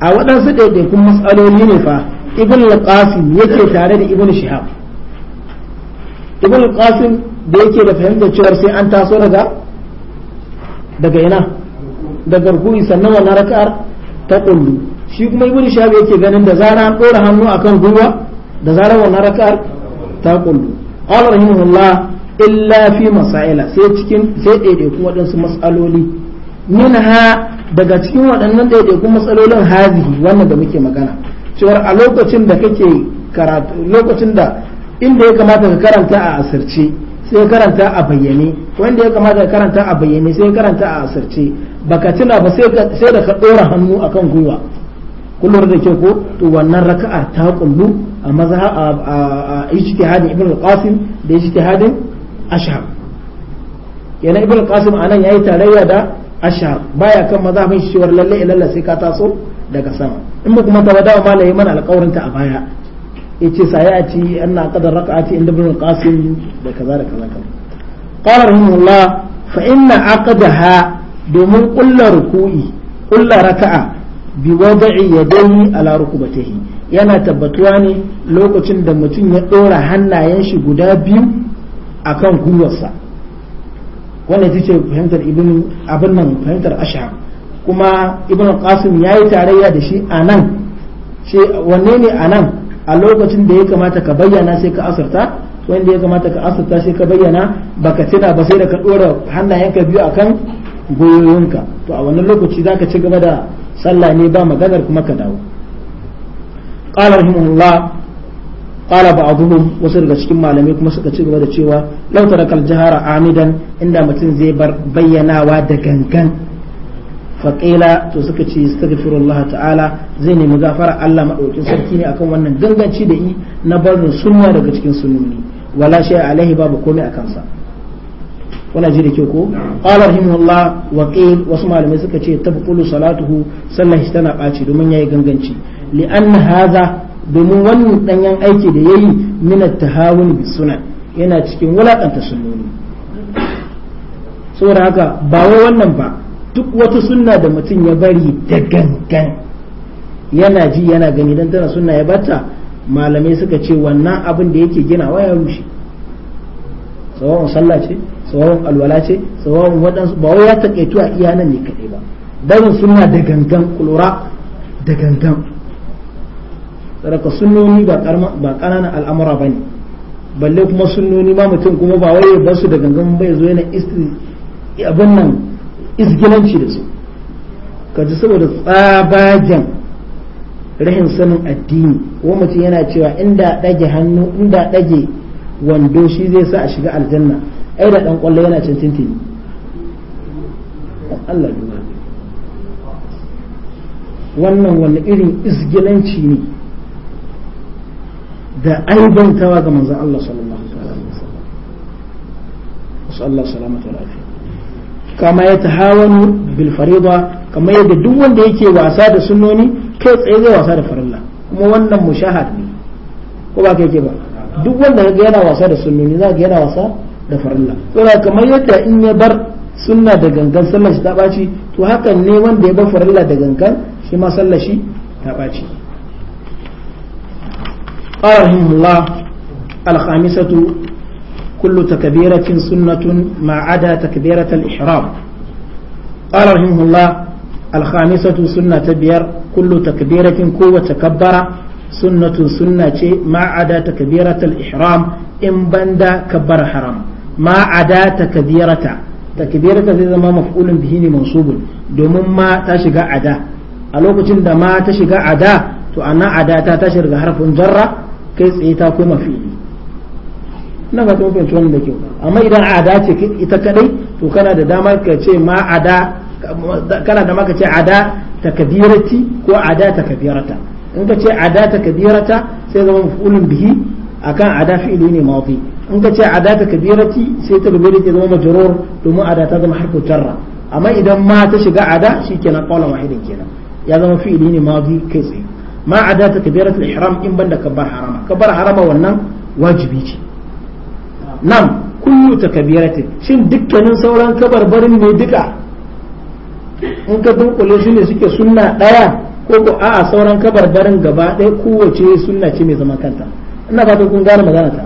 a waɗansu ɗaiɗaikun matsaloli ne fa ibn al-qasim yake tare da ibn shihab ibn al-qasim da yake da fahimtar cewa sai an taso daga daga ina daga rukuni sannan wannan raka'ar ta kullu shi kuma ibn shihab yake ganin da zara an dora hannu akan gwiwa da zara wannan raka'ar ta kullu qala rahimahullah illa fi masaila sai cikin sai ɗaiɗaikun waɗansu matsaloli minha daga cikin waɗannan ɗaiɗaikun matsalolin hazihi wannan da muke magana cewar a lokacin da kake karatu lokacin da inda ya kamata ka karanta a asirce sai karanta a bayyane wanda ya kamata ka karanta a bayyane sai karanta a asirce baka tuna ba sai da ka dora hannu akan gwiwa kullum da ke ko to wannan raka'a ta kullu a maza a ijtihadin ibn al-qasim da ijtihadin ashab yana ibn al-qasim anan yayi tarayya da ashar baya kan mazhabin shi war lalle ilalla sai ka taso daga sama in ba kuma ba wa malai mana alƙawarin ta a baya na sayati raka a rak'ati inda bin qasim da kaza da kaza kaza qala rahimahullah fa inna ha domin ƙulla ruku'i ƙulla raka'a bi ya yadayhi ala rukubatihi yana tabbatuwa ne lokacin da mutum ya ɗora hannayen shi guda biyu akan gwiwarsa wannan ita ce fahimtar ibn abin nan fahimtar ashab kuma ibn qasim ya yi tarayya da shi a nan shi wanne ne a nan a lokacin da ya kamata ka bayyana sai ka asarta wanda ya kamata ka asarta sai ka bayyana baka tuna ba sai da ka dora hannayenka biyu akan goyoyinka to a wannan lokaci zaka ci gaba da sallah ne ba maganar kuma ka dawo qala ba qala ba'dhum wasu daga cikin malamai kuma suka ci gaba da cewa lautarakal tarakal jahara amidan inda mutum zai bar bayyanawa da gangan faƙila to suka ce astaghfirullah ta'ala zai nemi gafara Allah madaukin sarki ne akan wannan ganganci da yi na barin sunna daga cikin sunnoni wala shay alaihi babu komai akan sa wala ji da ke ko qala rahimahullah wa wasu malamai suka ce tabqulu salatuhu sallahi tana baci domin yayi ganganci li anna hadha domin wannan danyen aiki da yayi min at-tahawun bis sunan yana cikin wulakanta sunnoni saboda haka ba wai wannan ba duk wata sunna da mutum ya bari da gangan yana ji yana gani dan tana sunna ya bata malamai suka ce wannan abin da yake ginawa ya rushe tsawon sallah ce tsawon alwala ce tsawon waɗansu ba wai ya taƙaitu a iya nan ne kaɗai ba barin sunna da gangan kulura da gangan saraka sunnoni ba ƙananan al'amura ba ne balle kuma sunnoni ma mutum kuma ba wai ya su da gangan bai zo yana abin nan izgilanci da su ka ji saboda tsabagen rahin sanin addini ko mutum yana cewa inda ɗage hannu inda ɗage wando shi zai sa a shiga aljanna ai da ɗan ƙwallo yana can tintini Allah duba wannan wani irin izgilanci ne da aibantawa ga manzan Allah sallallahu alaihi wasallam Allah salamata lafiya kama ya tahawanu bil fariḍa kamar yadda duk wanda yake wasa da sunnoni kai tsaye zai wasa da farilla kuma wannan mushahad ne ko ba kai ke ba duk wanda kaga yana wasa da sunnoni za ka yana wasa da farilla da kamar yadda in ya bar sunna da gangan sallar shi ta baci to hakan ne wanda ya bar farilla da gangan shi ma sallar shi ta baci. قال رحمه الله الخامسة كل تكبيرة سنة ما عدا تكبيرة الإحرام قال رحمه الله الخامسة سنة بير كل تكبيرة قوة تكبر سنة سنة ما عدا تكبيرة الإحرام إن بند كبر حرام ما عدا تكبيرة تكبيرة زي ما مفعول به منصوب دوم ما تشجع عدا ألوكتين ما تشجع عدا تو أنا عدا تشجع حرف جرة كيس إيتا كما فيه na ba ta mafi wannan da kyau amma idan ada ce ita kadai to kana da dama ka ce ma ada kana da maka ce ada kabirati ko ada takabirata in ka ce ada takabirata sai zama mafulun bihi akan ada fi'ili ne mafi in ka ce ada takabirati sai takabirati zama majrur domin ada ta zama harfu jarra amma idan ma ta shiga ada shikenan qawlan wahidin kenan ya zama fi'ili ne mafi kai tsaye ma ada takabiratul ihram in banda bar harama ka bar harama wannan wajibi ce nam kullu takbiratin shin dukkanin sauran kabarbarin ne duka in ka dunkule shi ne suke sunna daya ko ko a'a sauran kabarbarin gaba ɗaya kowace sunna ce mai zaman kanta ina fata kun gane magana ta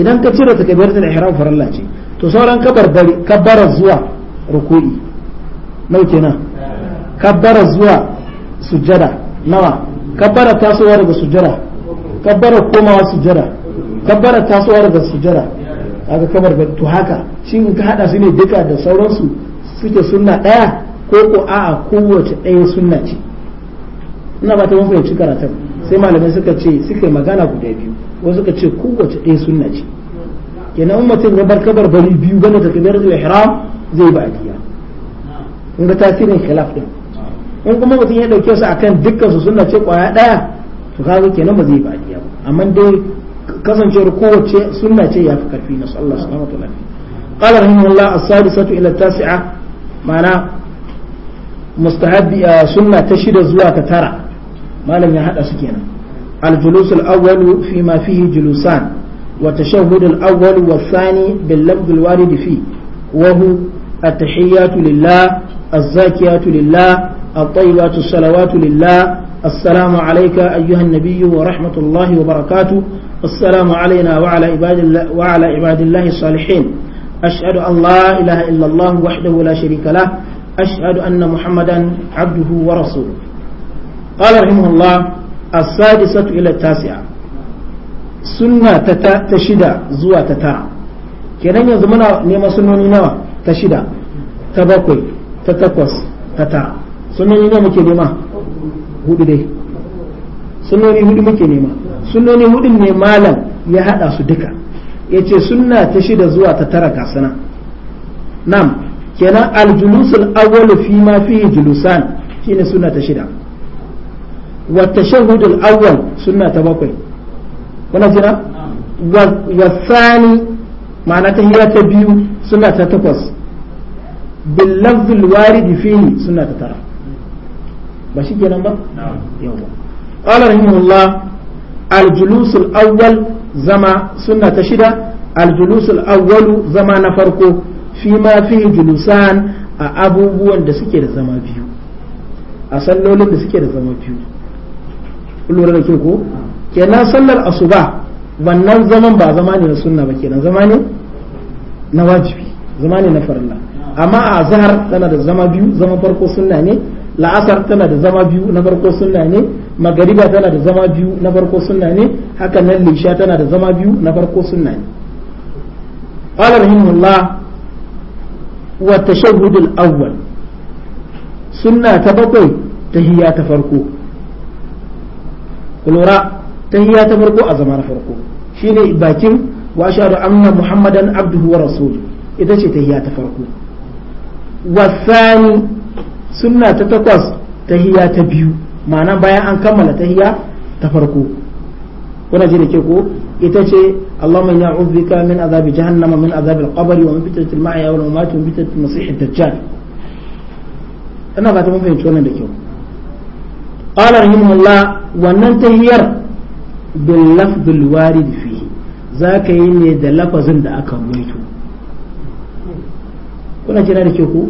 idan ka cire takbiratul ihram farilla ce to sauran kabarbari kabbara zuwa ruku'i nau kenan kabbara zuwa sujjada nawa kabbara tasowa daga sujjada kabbara komawa sujjada kabbara tasowa daga sujjada kaga kamar ba to haka shi in ka hada su ne duka da sauransu suke sunna daya ko ko a'a kowace ɗaya sunna ce ina ba ta mun fahimci karatun sai malamai suka ce suka magana guda biyu wasu suka ce kowace ɗaya sunna ce kenan ummatin ya bar kabar bari biyu gane ta kabar zai ihram zai ba adiya in ga tasirin khilaf din in kuma mutum ya dauke su akan dukkan su sunna ce kwaya daya to kaga kenan ba zai ba adiya ba amma dai kasancewar kowace sunna ce yafi karfi na Allah subhanahu wa ta'ala qala rahimahullah as-sadisatu ila tasi'a ma'ana mustahabbi uh, sunna ta shida zuwa ta tara malam ya hada su kenan al-julus al-awwal fi ma fihi julusan wa tashahhud al-awwal wa thani bil lafz al fi wa hu at-tahiyatu lillah az-zakiyatu lillah at-tayyibatu as-salawatu lillah السلام عليك أيها النبي ورحمة الله وبركاته السلام علينا وعلى عباد الله, وعلى عباد الله الصالحين أشهد أن لا إله إلا الله وحده لا شريك له أشهد أن محمدا عبده ورسوله قال رحمه الله السادسة إلى التاسعة سنة تشدى زوى تتاع kenan yanzu muna neman sunoni nawa ta shida ta bakwai ta takwas ta ta sunoni nawa muke nema hudu dai sunnoni hudu muke nema sunnoni hudun ne malam ya hada su duka yace sunna ta shida zuwa ta tara kasana nam kenan aljulusul awwal fi ma fi julusan shine sunna ta shida wa tashahhudul awwal sunna ta bakwai kuna jira wa ma'ana ta hira ta biyu sunna ta takwas bil lafzul warid fihi sunna ta tara ba shi kenan ba yawa qala rahimahullah al awwal zama suna ta shida al awwalu zama na farko fi ma fi julusan a abubuwan da suke da zama biyu a sallolin da suke da zama biyu lura da ke ko kenan sallar asuba wannan zaman ba zama ne na sunna ba kenan zama ne na wajibi zama ne na farilla amma a zahar tana da zama biyu zama farko sunna ne la'asar tana da zama biyu na farko sunna ne magariba tana da zama biyu na farko sunna ne haka nan lisha tana da zama biyu na farko sunna ne qala rahimullah wa tashahhud al-awwal sunna ta bakwai tahiyya ta farko kulura tahiyya ta farko a zama na farko shine bakin wa ashhadu anna muhammadan abduhu wa ita ce tahiyya ta farko wasani sunna ta takwas tahiyya ta biyu ma'ana bayan an kammala tahiyya ta farko kuna ji da ke ko ita ce Allahumma inna a'udhuka min azabi jahannama min azabi al-qabr wa min fitnatil mahya wal mamat wa min fitnatil masiih ad-dajjal ina fata mun fahimci wannan da kyau qala rahimahullah wannan tahiyyar bil lafz al warid fihi zaka yi ne da lafazin da aka ruwaito kuna jira da ke ko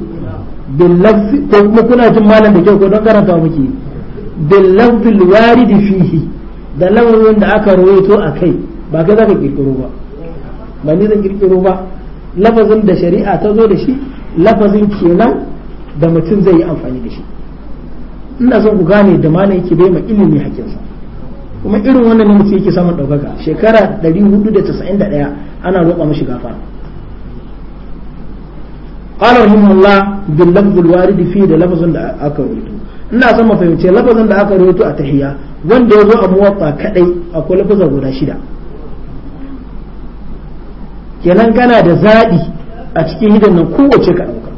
billafzi ko kuma kuna jin malam da kyau ko don karanta muke billafzi waridi fihi da lamarin da aka rawaito a kai ba kai zaka kirkiro ba ba ni zan kirkiro ba lafazin da shari'a ta zo da shi lafazin kenan da mutum zai yi amfani da shi ina son ku gane da malam yake bai ma ilimi hakinsa kuma irin wannan ne mutum yake saman ɗaukaka shekara da ɗaya ana roƙa mashi gafa. qala rahimahullah bil lafz al warid da lafazin da ina son mu lafazin da aka rubuto a tahiyya wanda yazo a muwatta kadai akwai lafazin guda shida kenan kana da zaɗi a cikin hidan nan kowace ka ɗauka?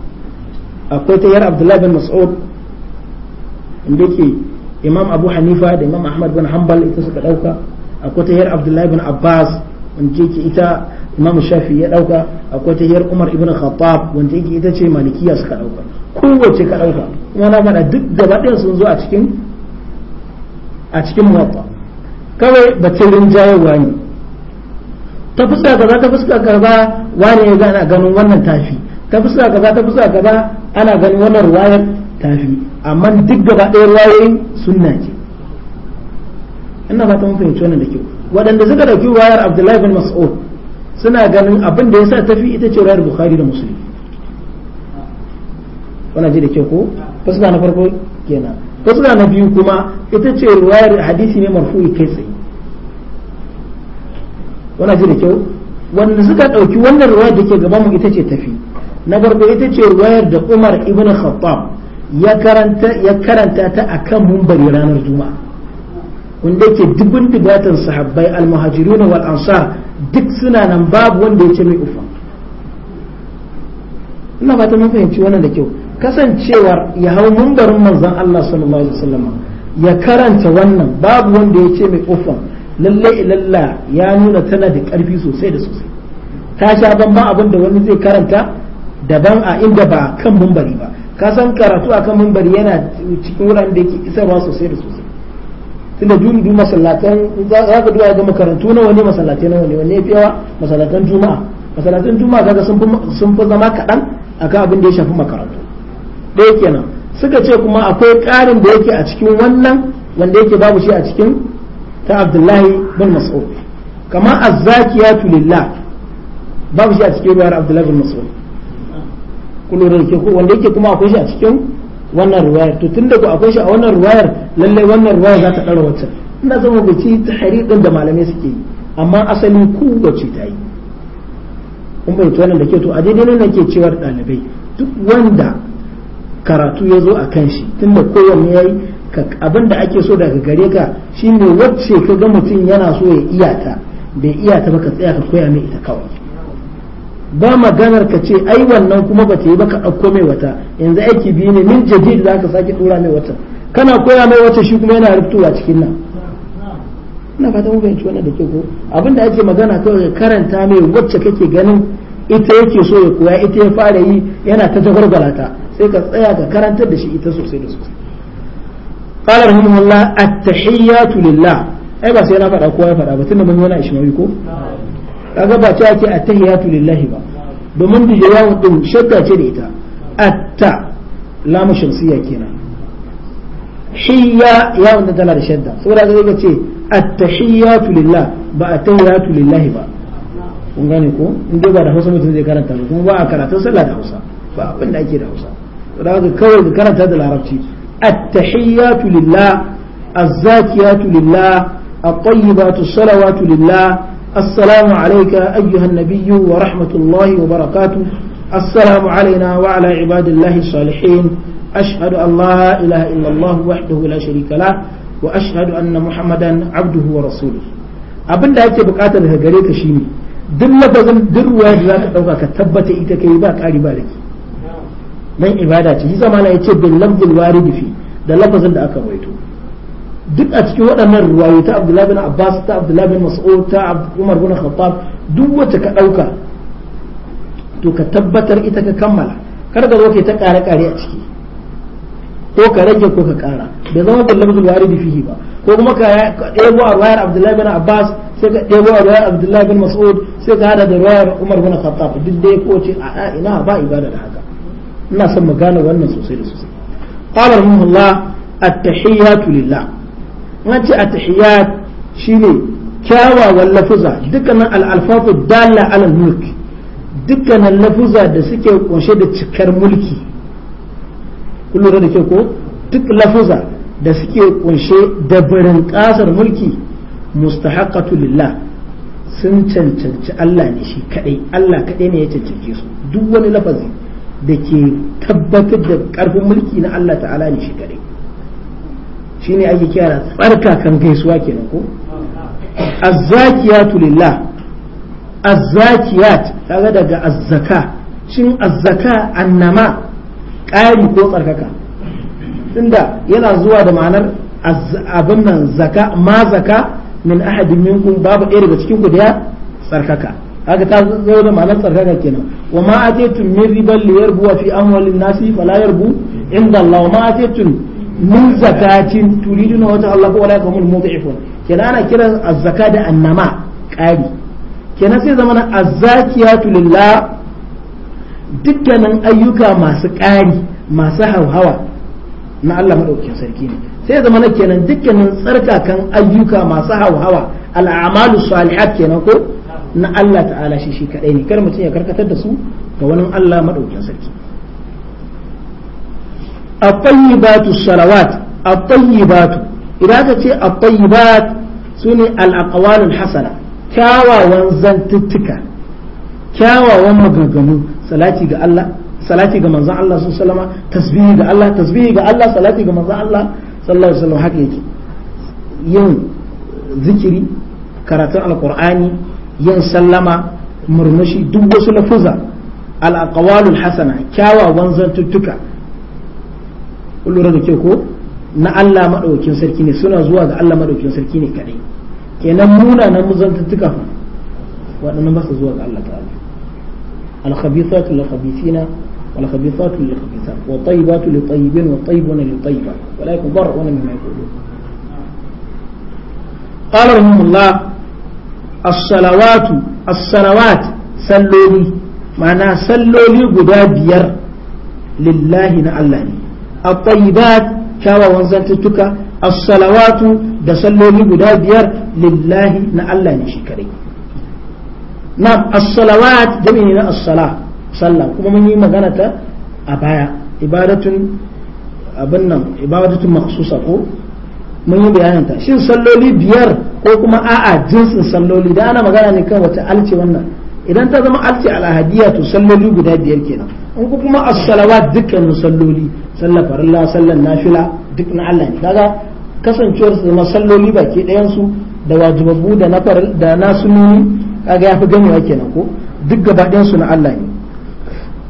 akwai ta yar abdullahi bin mas'ud inda yake imam abu hanifa da imam ahmad bin hanbal ita suka dauka akwai ta yar abdullahi bin abbas wanda yake ita Imam shafi ya dauka akwai yar umar ibn khattab wanda yake ita ce malikiya suka dauka kowace ka dauka kuma na faɗa duk da ɗaya sun zo a cikin a cikin muwatta kawai batun rinjayewa ne ta fuska kaza ta fuska kaza wani ya ga ana ganin wannan tafi ta fuska kaza ta fuska kaza ana ganin wannan ruwayar tafi amma duk da ɗaya ruwayoyin sunna ce ina ba ta mun fahimci wannan da kyau waɗanda suka ɗauki ruwayar abdullahi bin mas'ud suna ganin abin da sa tafi ita ce rayar bukhari da musulmi wannan ji da ke ko fasla na farko kenan fasla na biyu kuma ita ce rayar hadisi ne marfu'i kai tsaye wannan ji da kyau wanda suka ɗauki wannan ruwayar da ke gaban mu ita ce tafi na farko ita ce ruwayar da Umar ibn Khattab ya karanta ya karanta ta akan mumbari ranar Juma'a wanda yake dubin dubatan sahabbai almuhajirun wal ansar duk suna nan babu wanda ya ce mai ufa ina ba ta mun fahimci wannan da kyau kasancewar ya hau mumbarin manzon Allah sallallahu alaihi wasallam ya karanta wannan babu wanda ya ce mai ufa lalle ilalla ya nuna tana da karfi sosai da sosai ta sha bamban abin da wani zai karanta daban a inda ba kan mumbari ba ka san karatu akan mumbari yana cikin wuraren da yake isarwa sosai da sosai tunda dun du masallatan za ka duba ga makarantu nawa ne masallatai nawa ne wanne yawa masallatan juma'a masallatan juma'a kaga sun fi sun fi zama kaɗan akan abin da ya shafi makarantu ɗaya kenan suka ce kuma akwai ƙarin da yake a cikin wannan wanda yake babu shi a cikin ta Abdullahi bin Mas'ud kama azzakiyatu lillah babu shi a cikin ruwar Abdullahi bin Mas'ud kullu da ke wanda yake kuma akwai shi a cikin wannan ruwayar to tun da ku akwai shi a wannan ruwayar lalle wannan ruwayar za ta ɗara wancan ina zama bai ci tahari ɗin da malamai suke yi amma asali ce ta yi kun bai wannan da ke to a daidai nan nake cewar ɗalibai duk wanda karatu ya zo a kan shi tun da kowanne ya yi abin da ake so daga gare ka shine wacce ka ga mutum yana so ya iyata bai iya ta ba ka tsaya ka koya mai ita kawai ba maganar ka ce ai wannan kuma ba ta yi ba ka ɗauko mai wata yanzu aiki biyu ne min jadid za ka sake ɗora mai wata kana koya mai wata shi kuma yana rubutowa cikin nan ina fata mu fahimci wannan da ke ko abin da ake magana kawai ka karanta mai wacce kake ganin ita yake so ya koya ita ya fara yi yana ta jagwargwara ta sai ka tsaya ka karantar da shi ita sosai da sosai قال رحمه الله التحيات لله ai ba sai na faɗa kowa ya faɗa ba tunda mun yi wani ko kaga ba ta ake attahiyatu lillahi ba domin dijiyawun din shakka ce da ita atta lamu shamsiyya kenan hiyya ya wanda tana da shadda saboda zai ga ce attahiyatu lillah ba attahiyatu lillahi ba kun gane ko in dai ba da Hausa mutum zai karanta ba kuma ba a karatun sallah da Hausa ba abin da ake da Hausa saboda haka kawai ka karanta da Larabci attahiyatu lillah azzakiyatu lillah الطيبات الصلوات لله السلام عليك أيها النبي ورحمة الله وبركاته السلام علينا وعلى عباد الله الصالحين أشهد أن لا إله إلا الله وحده لا شريك له وأشهد أن محمدا عبده ورسوله abin da yake bukatar daga gare ka shine duk lafazin duk ruwa da zaka dauka ka tabbata ita kai ba kari ba rake dan ibada ce shi zamana yace bil lafzil waridi fi da lafazin da aka baito duk a cikin waɗannan ruwayoyi ta Abdullahi bin Abbas ta Abdullahi bin Mas'ud ta Umar bin Khattab duk wacce ka ɗauka to ka tabbatar ita ka kammala kar ka zo ke ta ƙare ƙare a ciki ko ka rage ko ka ƙara bai zama da lamzul waridi fihi ba ko kuma ka ɗebo a ruwayar Abdullahi bin Abbas sai ka ɗebo a ruwayar Abdullahi bin Mas'ud sai ka hada da ruwayar Umar bin Khattab duk dai ko ce a ina ba ibada da haka ina son mu gane wannan sosai da sosai qala rahimahullah at-tahiyyatu lillah an ce at-tahiyat shine kyawawan lafuza dukkanin al dala dalla mulk dukkanin lafuza da suke kunshe da cikar mulki kun lura da ke ko duk lafuza da suke kunshe da birin kasar mulki mustahaqatu lillah sun cancanci Allah ne shi kadai Allah kadai ne ya cancanci su duk wani lafazi da ke tabbatar da karfin mulki na Allah ta'ala ne shi kadai shine ake kira tsarkakan gaisuwa kenan ko azzakiyatu lillah azzakiyat kaga daga azzaka shin azzaka annama ƙari ko tsarkaka tunda yana zuwa da ma'anar abin nan zaka ma zaka min ahadin minkum babu ɗaya daga cikin ku da ya tsarkaka haka ta zo da ma'anar tsarkaka kenan wa ma atetum min riban li fi amwalin nasi fala yarbu inda Allah wa ma min zakatin turiduna wata Allah wala kamul mudhifun kenan ana kiran azzaka da annama kari kenan sai zamana azzakiyatu lillah dukkanin ayyuka masu ƙari masu hauhawa na Allah madaukakin sarki ne sai zamana kenan dukkanin tsarkakan ayyuka masu hauhawa al'amalu salihat kenan ko na Allah ta'ala shi shi kadai ne kar mutum ya karkatar da su ga wani Allah madaukakin sarki at-tayyibatu salawat at-tayyibatu idan aka ce at-tayyibat sune al-aqwalul hasana kyawawan zantuttuka kyawawan maganganu salati ga Allah salati ga manzon Allah sallallahu alaihi Allah tasbihi ga Allah salati ga manzon Allah yin zikiri karatun Alƙur'ani yin sallama murmushi duk wasu lafuza al-aqwalul hasana kyawawan zantuttuka kun lura da kyau ko na Allah madaukakin sarki ne suna zuwa ga Allah madaukakin sarki ne kadai kenan muna na muzantuttuka waɗannan ba su zuwa ga Allah ta'ala al-khabithatu lil-khabithina wal-khabithatu lil-khabithat wa tayyibatu lit-tayyibin wa tayyibuna lit-tayyibat wa la yadarruna mimma yaqulun qala rahimullah as-salawatu as-salawat salloli ma'ana salloli guda biyar lillahi na Allah ne at-tayyibat kyawawan zantuttuka as-salawatu da salloli guda biyar lillahi na Allah ne shi kadai na as-salawat jami'i na as kuma mun yi magana ta a baya ibadatun abin nan ko mun yi bayanin ta shin salloli biyar ko kuma a'a jinsin salloli da ana magana ne kan wata alce wannan idan ta zama alce al'ahadiyya to salloli guda biyar kenan in ku kuma as-salawat dukkan salloli sallar farilla sallar nafila duk na Allah ne kaga kasancewar su na salloli baki ɗayan su da wajibabu da na da na sunni kaga yafi ganewa kenan ko duk gaba ɗayan su na Allah ne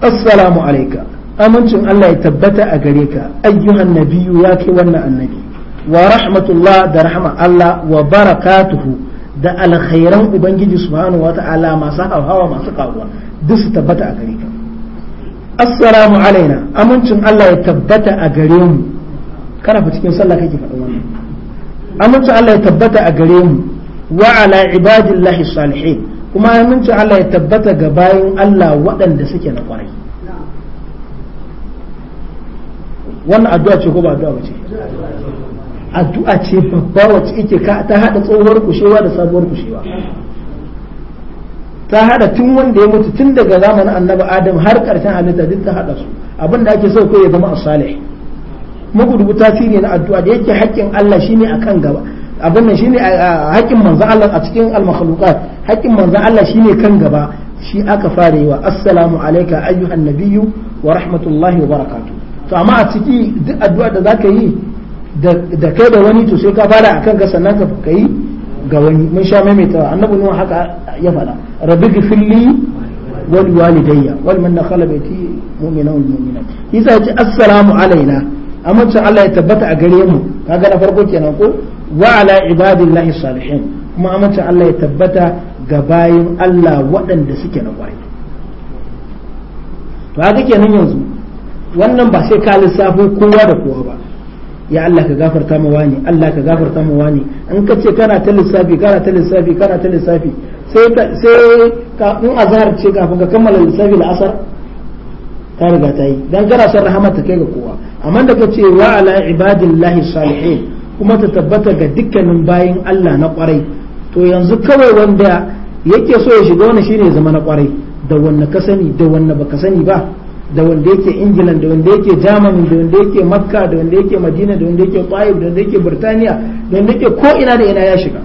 assalamu alayka amincin Allah ya tabbata a gare ka ayyuhan nabiyyu ya kai wannan annabi wa rahmatullah da rahma Allah wa barakatuhu da alkhairan ubangiji subhanahu wa ta'ala masu hawa masu karuwa duk su tabbata a gare ka assalamu alaina amincin Allah ya tabbata a gare mu kana fa cikin sallah kake faɗa wannan amincin Allah ya tabbata a gare mu wa ala ibadillahi salihin kuma amincin Allah ya tabbata ga bayin Allah waɗanda suke na kwarai wannan addu'a ce ko ba addu'a ce addu'a ce babba wacce ike ta haɗa tsohuwar kushewa da sabuwar kushewa ta hada tun wanda ya mutu tun daga zamanin annabi adam har karshen halitta duk ta hada su abin da ake so ko ya zama asalih magudubu tasiri na addu'a da yake haƙƙin Allah shine akan gaba abin nan shine haƙƙin manzon Allah a cikin al-makhluqat haƙƙin manzon Allah shine kan gaba shi aka fara yi wa assalamu alayka ayyuhan nabiyyu wa rahmatullahi wa barakatuh to amma a ciki duk addu'a da zaka yi da kai da wani to sai ka fara akan ka sannan ka yi ga wani mun sha maimaita annabi nuhu haka ya faɗa rabbi gifilli wal walidayya wal man dakhala baiti mu'mina wal mu'minat yasa yace assalamu alaina amma ce Allah ya tabbata a gare mu kaga na farko kenan ko wa ala ibadillahi salihin kuma amma ce Allah ya tabbata ga bayin Allah waɗanda suke na kwari to haka kenan yanzu wannan ba sai ka lissafo kowa da kowa ba ya Allah ka gafarta ma wani Allah ka gafarta ma wani in ka ce kana ta lissafi kana ta lissafi kana ta lissafi sai sai ka in azhar ce kafin ka kammala lissafi la'asar ta riga ta yi dan kana son rahama ta kai ga kowa amma da ka ce wa ala ibadillahi salihin kuma ta tabbata ga dukkanin bayin Allah na kwarai to yanzu kawai wanda yake so ya shiga wani shine zama na kwarai da wanne ka sani da wanne baka sani ba da wanda yake England da wanda yake Germany da wanda yake Makka da wanda yake Madina da wanda yake Taif da wanda yake Burtaniya da wanda yake ko ina da ina ya shiga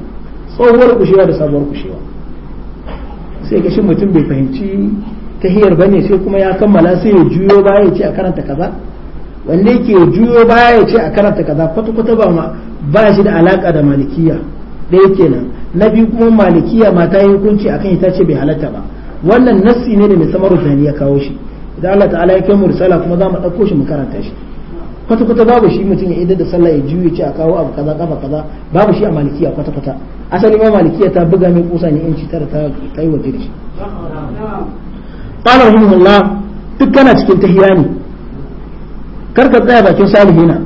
tsohuwar kushewa da sabuwar kushewa sai ka shi mutum bai fahimci ta tahiyar ne sai kuma ya kammala sai ya juyo baya ya ce a karanta kaza wanda yake ya juyo baya ya ce a karanta kaza kwata kwata ba ma ba shi da alaka da malikiya ɗaya kenan na biyu kuma malikiya mata ya yi hukunci akan ita ce bai halatta ba wannan nassi ne da mai samar ya kawo shi da Allah ta'ala ya kai mu kuma za mu ɗauko shi mu karanta shi kwata kwata babu shi mutum ya idar da sallah ya juye ce a kawo abu kaza kafa kaza babu shi a malikiya kwata kwata asali ma malikiya ta buga mai kusa ne inci tara ta kai wa jirgi qala rahimahullah duk kana cikin tahiya ne kar ka tsaya bakin salihina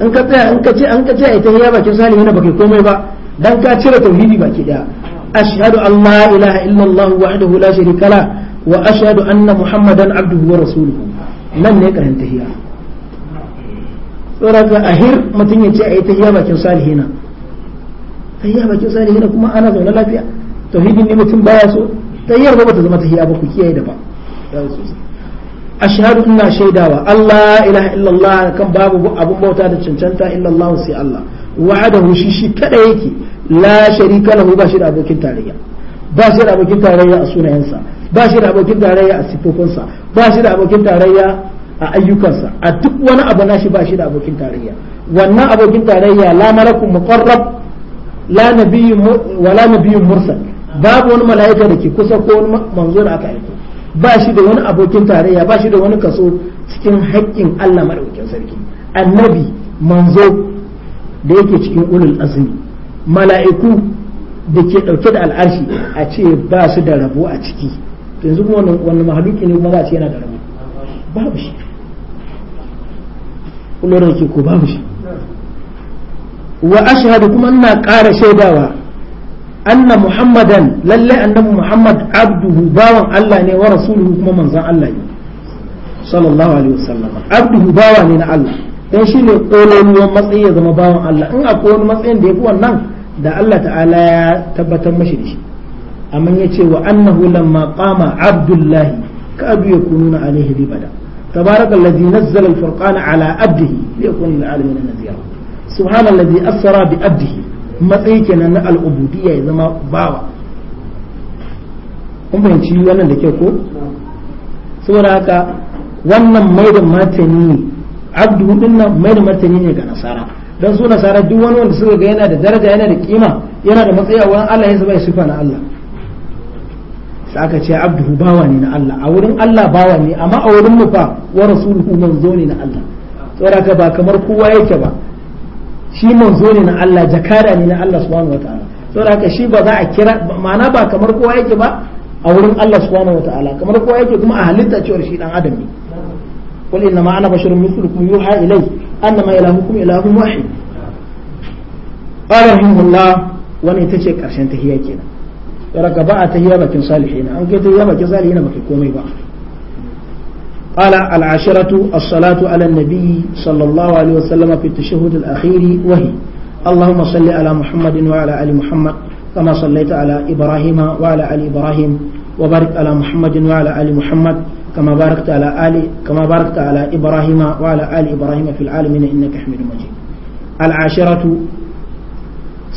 in ka tsaya in ka ce an ka ce ai tahiya bakin salihina baka komai ba dan ka cire tauhidi baki daya ashhadu an la ilaha illallah wahdahu la sharika la wa ashhadu anna muhammadan abduhu wa rasuluhu nan ne karin tahiyya tsoraka ahir mutum ya ce a tahiyya bakin salihina tahiyya bakin salihina kuma ana zaune lafiya tauhidin ne mutum baya so tahiyyar ba ta zama tahiya ba ku kiyaye da ba ashhadu ina shaidawa Allah ilaha illallah kan babu abun bauta da cancanta illallah sai Allah wa'adahu shi shi kada yake la sharika lahu ba shi da abokin tarayya ba shi da abokin tarayya a sunayensa ba shi da abokin tarayya a siffofinsa ba shi da abokin tarayya a ayyukansa a duk wani abu na shi ba shi da abokin tarayya wannan abokin tarayya la malakun muqarrab la wa la nabiyyu mursal babu wani mala'ika da ke kusa ko wani manzo da aka aiko ba shi da wani abokin tarayya ba shi da wani kaso cikin haƙƙin Allah madaukakin sarki annabi manzo da yake cikin ulul azmi mala'iku da ke ɗauke da al'arshi a ce ba su da rabo a ciki to yanzu kuma wannan wannan mahaluki ne kuma za a ce yana da rabo babu shi kullum ke ko babu shi wa ashhadu kuma ina ƙara shaidawa anna muhammadan lalle annabi muhammad abduhu bawan Allah ne wa rasuluhu kuma manzon Allah ne sallallahu alaihi wasallam abduhu bawa ne na Allah dan shine kololuwan matsayi ya zama bawan Allah in akwai wani matsayin da yafi wannan da Allah ta'ala ya tabbatar mashi da shi amma ya ce wa annahu lamma qama abdullahi ka abu ya kununa alaihi ribada tabaraka allazi nazzala alfurqana ala abdihi li yakuna lil alamin nadhira subhana allazi asra bi abdihi matsayi kenan na al'ubudiyya ya zama bawa kun fahimci wannan da kyau ko saboda haka wannan mai da martani ne abdu din nan mai da martani ne ga nasara dan su nasara duk wani wanda suka ga yana da daraja yana da kima yana da matsayi a wurin Allah ya zama sifa na Allah da aka ce abduhu bawa ne na Allah a wurin Allah bawa ne amma a wurin mu fa wa rasuluhu manzo ne na Allah saboda ka ba kamar kowa yake ba shi manzo ne na Allah jakada ne na Allah subhanahu wataala saboda ka shi ba za a kira ma'ana ba kamar kowa yake ba a wurin Allah subhanahu wataala kamar kowa yake kuma a halitta cewar shi dan adam ne qul inna ma'ana basharun mithlukum yuha ilay annama ilahukum ilahun wahid qala rahimahullah wani ita ce karshen tahiyya kenan ya raka ba a tahiyya bakin salihin an kai tahiyya bakin salihin قال العاشرة الصلاة على النبي صلى الله عليه وسلم في التشهد الأخير وهي اللهم صل على محمد وعلى آل محمد كما صليت على إبراهيم وعلى آل إبراهيم وبارك على محمد وعلى آل محمد كما باركت على آل كما باركت على إبراهيم وعلى آل إبراهيم في العالمين إنك حميد مجيد العاشرة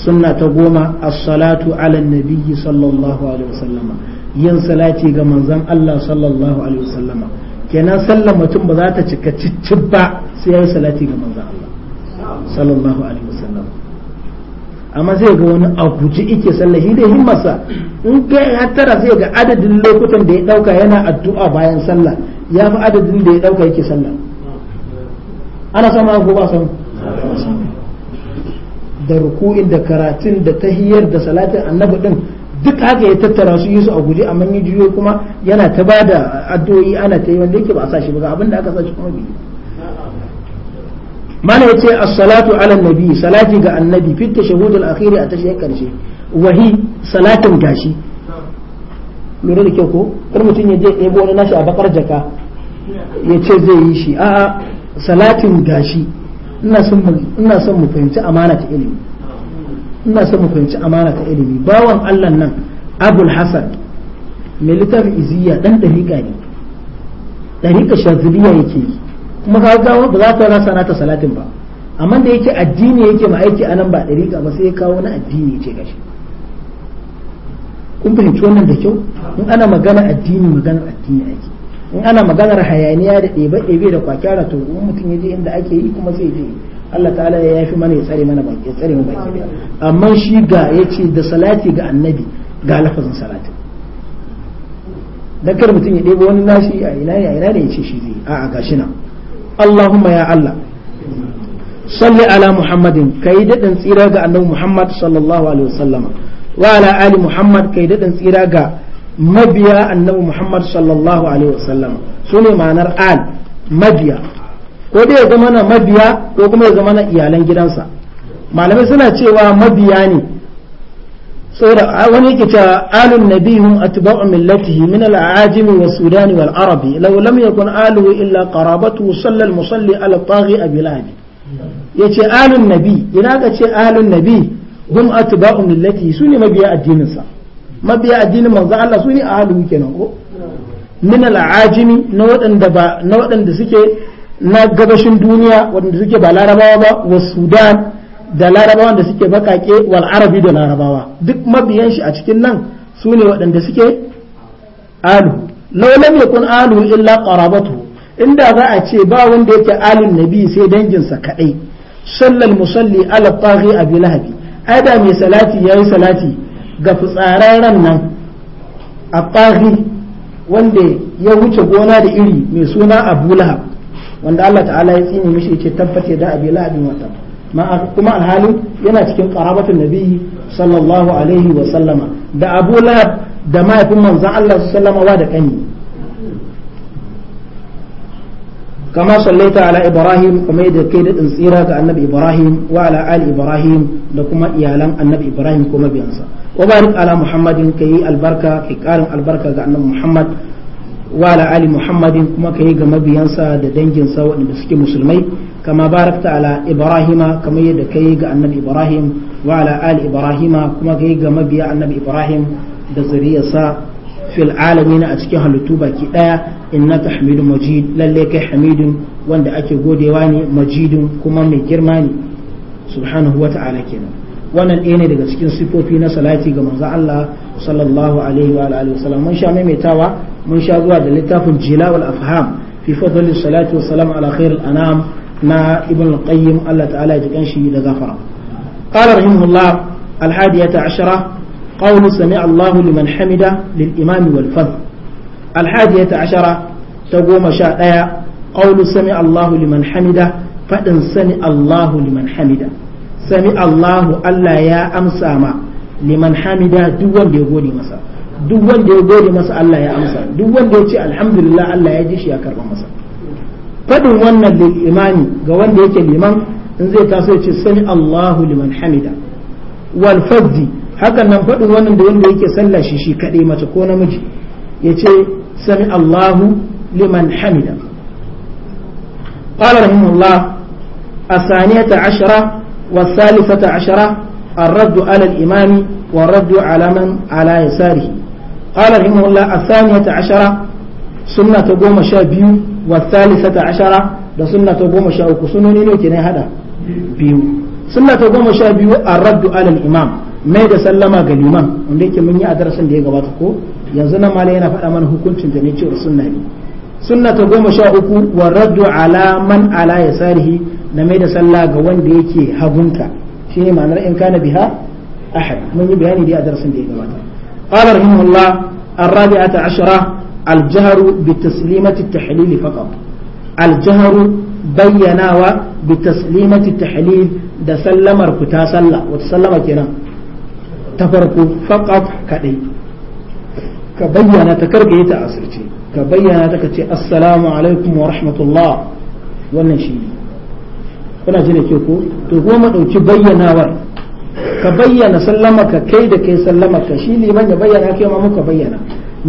sunna ta goma as-salatu ala nabiyyi sallallahu alaihi wasallama yin salati ga manzon Allah sallallahu alaihi wasallama kenan sallan mutum ba za ta cika ciccib ba sai ya yi salati ga manzon Allah sallallahu alaihi wasallama amma zai ga wani a guji ike sallah shi dai himmarsa in ga ya tara zai ga adadin lokutan da ya dauka yana addu'a bayan sallah ya fi adadin da ya dauka yake sallah ana sama ko ba san da ruku'in da karatun da tahiyar da salatin annabi din duk haka ya tattara su yi su a guje amma ya juyo kuma yana ta ba da addu'o'i ana ta yi wanda yake ba a sa shi ba abin da aka sa kuma biyu. mana yace as-salatu ala nabi salati ga annabi fi tashahhud al-akhir a tashahhud karshe wahi salatin gashi lura da kyau ko kar mutum ya je ɗebo wani nashi a bakar jaka ya ce zai yi shi a'a salatin gashi ina son mu fahimci amana ta ilimi ina son mu fahimci amana ta ilimi bawan Allah nan abul hasan mai littafi iziya dan dariƙa ne dariƙa shaziliya yake yi kuma ka ga ba za ta rasa nata salatin ba amma da yake addini yake ma aiki anan ba dariƙa ba sai ya kawo na addini ce gashi kun fahimci wannan da kyau in ana magana addini magana addini ake in ana maganar hayaniya da ɗebe-ɗebe da kwakyara to in mutum ya je inda ake yi kuma sai je Allah ta'ala ya yafi mana ya tsare mana baki ya tsare mana baki da amma shi ga yace da salati ga annabi ga lafazin salati dakar mutum ya ɗebo wani nashi a ina ne a ina ne ya ce shi zai a'a gashi nan Allahumma ya Allah salli ala muhammadin kai daɗin tsira ga annabi muhammad sallallahu alaihi wasallama wa ala ali muhammad kai daɗin tsira ga mabiya annabi Muhammad sallallahu alaihi wasallam su ne ma'anar al mabiya ko dai ya zama na mabiya ko kuma ya zama na iyalan gidansa malamai suna cewa mabiya ne saboda wani yake cewa alun nabihum atba'u millatihi min al-ajami wa sudani wal arabi law lam yakun alu illa qarabatu sallal musalli ala taghi abilahi yace alun nabi ina ka ce alun nabi hum atba'u millatihi su ne mabiya addininsa sa mabiya addinin manzon Allah su ne ahlu kenan ko min al'ajimi na waɗanda ba na waɗanda suke na gabashin duniya waɗanda suke ba larabawa ba wa sudan da larabawa da suke bakake wal arabi da larabawa duk mabiyan shi a cikin nan su ne waɗanda suke alu law lam yakun alu illa qarabatu inda za a ce ba wanda yake alun nabi sai danginsa kaɗai sallal musalli ala taghi abi lahabi ada mai salati yayi salati ga fitsararren nan a ƙahi wanda ya wuce gona da iri mai suna abu lahab wanda Allah ta'ala ya tsine mishi ya ce tabbace da abi lahabin wata kuma alhalin yana cikin ƙarabatun nabi sallallahu alaihi wa sallama da abu lahab da mahaifin manzan Allah sallama wa da kanyi كما صليت على إبراهيم كما يدكيد انصيرك النبي إبراهيم وعلى آل إبراهيم لكما إيالان النبي إبراهيم كما بينسى وبارك على محمد كي البركة كي قال البركة عن محمد وعلى آل محمد كما كي كما بينسى ددنجن سوى نبسكي مسلمي كما باركت على إبراهيم كما يدكي النبي إبراهيم وعلى آل إبراهيم كما كي كما بيا النبي إبراهيم دزرية سا fil alamin a cikin halittu baki daya innaka hamidun majid lalle kai hamidun wanda ake godewa ne majidun kuma mai girma ne subhanahu wata'ala kenan wannan ɗaya ne daga cikin sifofi na salati ga manzo Allah sallallahu alaihi wa alihi wasallam mun sha maimaitawa mun sha zuwa da littafin jilawul afham fi fadl salati wa salam ala khairil anam na ibn al-qayyim Allah ta'ala ya ji kanshi da gafara qala rahimahullah al-hadiyata ashara قول سمع الله لمن حمده للإمام والفم الحادية عشرة تقوم شاء قول سمع الله لمن حمده فإن سمع الله لمن حمده سمع الله ألا يا أمسى ما liman hamida duk wanda ya gode masa duk wanda ya gode masa Allah ya amsa duk wanda ya ce alhamdulillah Allah ya ji shi ya karba masa fadin wannan lil imani ga wanda yake liman in zai taso ya ce sami Allahu liman hamida hakan nan faɗi wannan da wanda yake sallah shi shi kadai mace ko namiji yace ce sami Allahu liman hamida ƙwararar yin Allah a saniyata ashara wa salisata ashara a raddu alal imami wa raddu alaman ala ya sari ƙwararar yin Allah a saniyata ashara suna ta goma sha biyu wa salisata da suna ta goma sha uku sunoni ne ke hada biyu suna ta goma sha biyu a raddu alal imami mai da sallama ga liman wanda yake mun yi a darasin da ya gabata ko yanzu na mala yana faɗa mana hukuncin da ne da sunna ne sunna ta goma sha uku wa raddu ala man ala na mai da sallah ga wanda yake hagunka shine ma'anar in kana biha ahad mun yi bayani da a darasin da ya gabata qala rahimahullah الرابعة عشرة الجهر بتسليمة التحليل فقط الجهر بيناوا بتسليمة التحليل ده سلم ركتا سلا وتسلم كنا ta farko faqaf kadai ka bayyana ta karkaye ta asirce ka bayyana ta kace assalamu alaikum wa rahmatullah wannan shi ne kuna ji da ke ko to kuma mu dauki bayyanawar ka bayyana sallama ka kai da kai sallama ka shi liman ya bayyana kai ma muka bayyana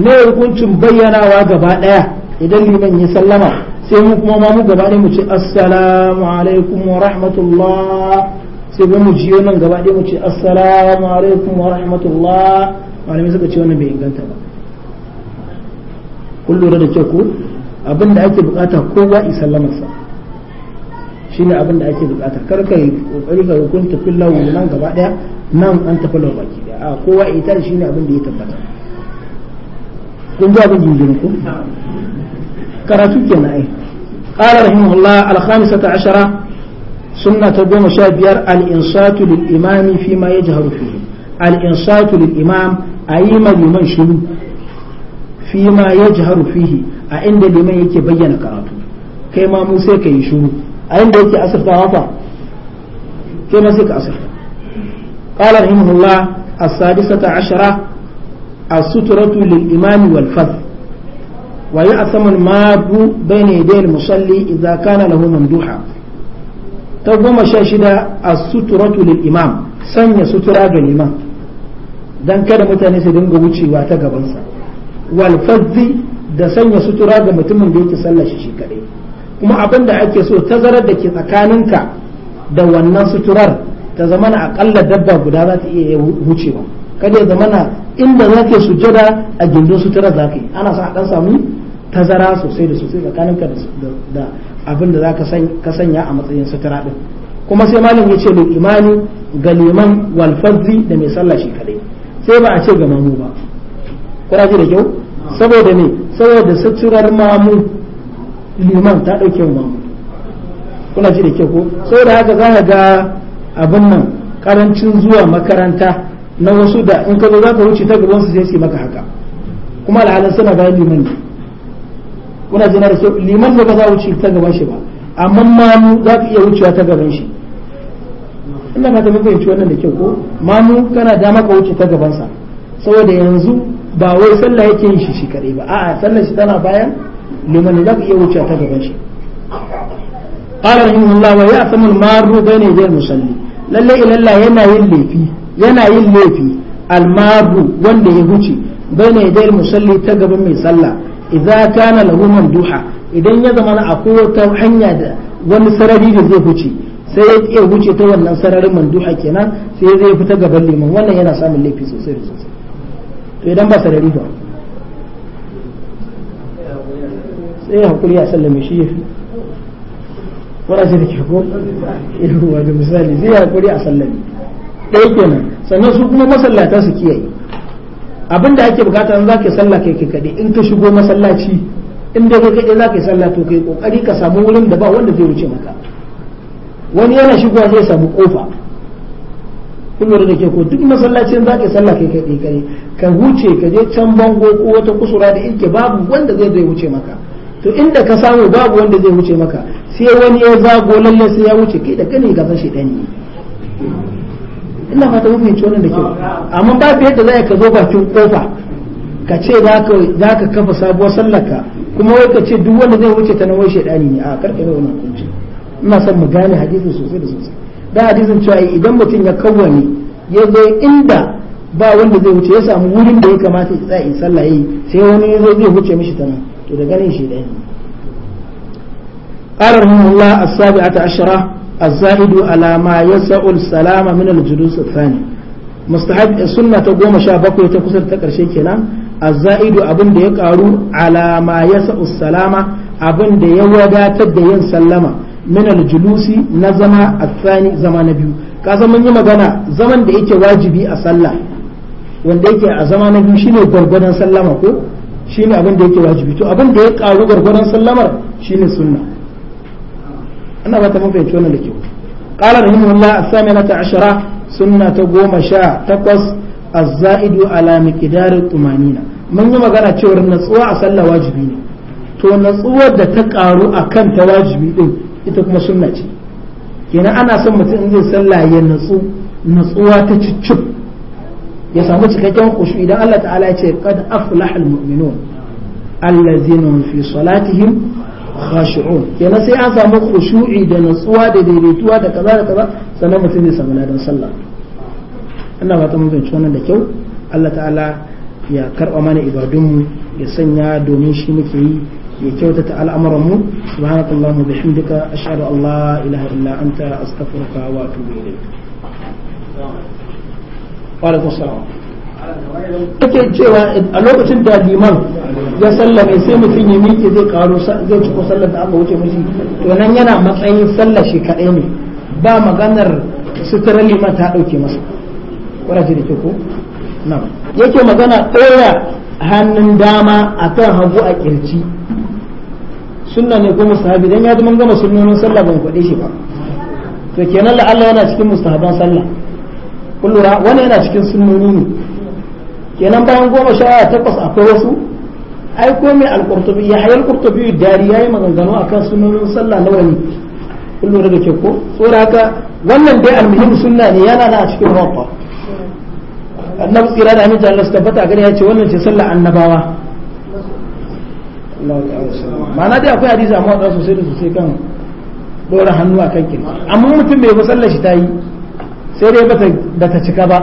ne hukuncin bayyanawa gaba daya idan liman ya sallama sai mu kuma ma mu gaba ne mu ce assalamu alaikum wa rahmatullah sai mu jiyo nan gaba ɗaya mu ce assalamu alaikum wa rahmatullah malamai suka ce wannan bai inganta ba kun lura da kyau ko abin da ake bukata kowa i sallamarsa shine abin da ake bukata kar ka yi kokari ka kun tafi lawo nan gaba ɗaya nan an tafi lawo baki ɗaya a kowa ita shine abin da ya tabbata kun ji abin jinjin ku karatu kenan ai قال رحمه الله الخامسة عشرة sunna ta goma sha biyar al-insatu imami fi ma yajharu fihi al-insatu lil imam ayi ma liman shiru fi ma yajharu fihi a inda liman yake bayyana karatu kai ma mu sai kai shiru a inda yake asirta wafa kai ma sai ka asirta sutratu lil imami wal fadl ويأثم الماب بين يدي المصلي إذا كان له ممدوحا ta goma sha shida a suturatu lil imam sanya sutura ga liman dan kada mutane su dinga wucewa ta gabansa wal fazzi da sanya sutura ga mutumin da yake sallar shi kadai kuma abin da ake so tazarar da ke tsakaninka da wannan suturar ta zamana akalla dabba guda za ta iya wucewa kada ya zamana inda za ka sujada a gindin suturar za ka yi ana sa a dan samu tazara sosai da sosai tsakaninka da abin da za ka sanya a matsayin sutura din kuma sai malam ya ce da imani ga liman walfazzi da mai sallah shi kadai sai ba a ce ga mamu ba kuna ji da kyau saboda ne saboda suturar mamu liman ta ɗauke wa mamu kuna ji da kyau ko saboda haka za ka ga abin nan karancin zuwa makaranta na wasu da in ka zo za ka wuce ta gabansu su sai su maka haka kuma alhalin suna bayan liman ne kuna jina da liman da ba za wuce ta gaban shi ba amma mamu za ka iya wucewa ta gaban shi ina ba ta fahimci wannan da kyau ko mamu kana dama ka wuce ta gaban sa saboda yanzu ba wai sallah yake yin shi shi kadai ba a'a sallah shi tana bayan liman da za ka iya wucewa ta gaban shi قال رحمه الله ويأثم المار بين يدي المصلي لله إلى الله ينا يلفي ينا يلفي المار وان يهوتي بين musalli ta gaban mai sallah. idza kana lahu mamduha idan ya zama akwai wata hanya da wani sarari da zai huce sai ya iya huce ta wannan sararin manduha kenan sai zai fita gaban liman wannan yana samun laifi sosai da sosai to idan ba sarari ba sai ya hakuri ya sallame shi yafi wani zai da ke ko yawa da misali zai ya hakuri a sallame ɗaya kenan sannan su kuma masallata su kiyaye abin da ake bukata in zaka sallah kai kai kade in ka shigo masallaci in dai kai kade zaka sallah to kai kokari ka samu wurin da ba wanda zai wuce maka wani yana shigowa zai samu kofa kullum da ke ko duk masallacin za ka sallah kai kai kai ka huce ka je can bango ko wata kusura da inke babu wanda zai zai wuce maka to inda ka samu babu wanda zai wuce maka sai wani ya zago lalle sai ya wuce kai da kane ga fashi dani ina fata mun fahimci wannan da kyau amma fiye yadda za ka zo bakin kofa ka ce za ka kafa sabuwar sallaka kuma wai ka ce duk wanda zai wuce ta na wai shaidani ne a karkare wannan hukunci ina son mu gane hadisin sosai da sosai da hadisin cewa idan mutum ya kawwani ya zo inda ba wanda zai wuce ya samu wurin da ya kamata ya tsaya sallah yi sai wani ya zo zai wuce mishi ta nan to da ganin shaidani قال رحمه الله السابعة عشرة الزائد على ما يسع السلام من الجلوس الثاني مستحب السنة تقوم شابك تكر شيء كنا الزائد أبن دي قارو على ما يسع السلام أبن دي يودا تدين سلم من الجلوس نزم الثاني زمان نبيو كذا من يمغانا زمن دي ايكي واجبي أسلا وان دي ايكي أزمان نبيو شيني برغدان سلم أكو أبن دي da واجبي wajibi to abin da ya karu gargwaron sallamar shine sunna ina ba ta mafi wannan da kyau qala sami na saminata ashara sunna ta goma sha takwas a zaidu ala tumani tumanina mun yi magana cewar natsuwa a sallah wajibi ne to natsuwar da ta karu kan ta wajibi din ita kuma sunna ce kenan ana son mutum in zai sallah ya natsu natsuwa ta ciccip ya samu cikakken kushu idan Allah ta'ala ya ce kad aflaha al-mu'minun allazina fi salatihim khashi'un kenan sai an samu khushu'i da natsuwa da daidaituwa da kaza da kaza sannan mutum zai samu ladan sallah ina mun fahimci wannan da kyau Allah ta'ala ya karba mana ibadunmu ya sanya domin shi muke yi ya kyautata al'amuranmu subhanakallahumma bihamdika ashhadu an la ilaha illa anta astaghfiruka wa atubu ilayk wa alaikum ake cewa a lokacin da liman ya sallame sai mutum ya miƙe zai karo zai ko sallar da aka wuce mishi to nan yana matsayin sallar shi kaɗai ne ba maganar sutura liman ta ɗauke masa ƙwararci da ke ko na yake magana ɗoya hannun dama a kan hagu a ƙirci sunna ne ko mustahabi don ya ji mun gama sunnonin sallah ban kwaɗe shi ba to kenan la'alla yana cikin mustahaban sallah kullura wani yana cikin sunnoni ne kenan bayan goma sha takwas akwai wasu ai ko mai alkurtubi ya hayar kurtubi dari ya yi maganganu a kan sunonin sallah na wani kullum da ke ko saboda haka wannan dai almuhim sunna ne yana na a cikin mawaƙa annabi tsira da aminci Allah suka bata gani ya ce wannan ce sallah annabawa ma'ana dai akwai hadisi amma wadda sosai da sosai kan dora hannu a kan kirki amma mutum bai musalla shi ta yi sai dai bata ta cika ba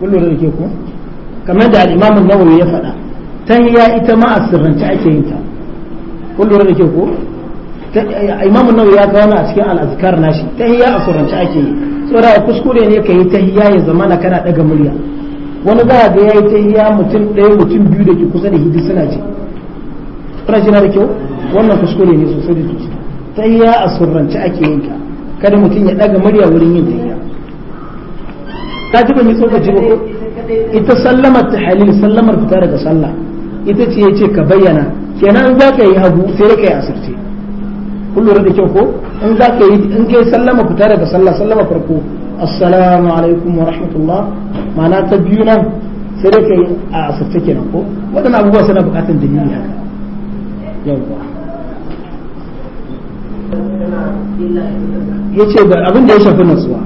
kullum da ke ko kamar da al-imamun nawawi ya faɗa tahiya ita ma a sirrance ake yin ta kun lura da ke ko imamu nawawi ya kawo a cikin al'azkar nashi tahiya a sirrance ake yi saboda kuskure ne ka yi tahiya ya zama na kana daga murya wani za ga yayi tahiya mutum ɗaya mutum biyu da ke kusa da hidi suna ce kuna na da kyau wannan kuskure ne sosai da ta tahiya a sirrance ake yin ta kada mutum ya daga murya wurin yin tahiya ta ji ba yi tsokaci ba ita sallamar ta halil sallamar fita daga sallah ita ce ya ce ka bayyana kenan za ka yi hagu sai ka yi asirce kun lura da kyau ko in za ka yi in kai sallama fita daga sallah sallama farko assalamu alaikum wa rahmatullah ma'ana ta biyu nan sai da ka yi a asirce kenan ko waɗannan abubuwa suna buƙatar dalili haka yawwa ya ce abin da ya shafi nutsuwa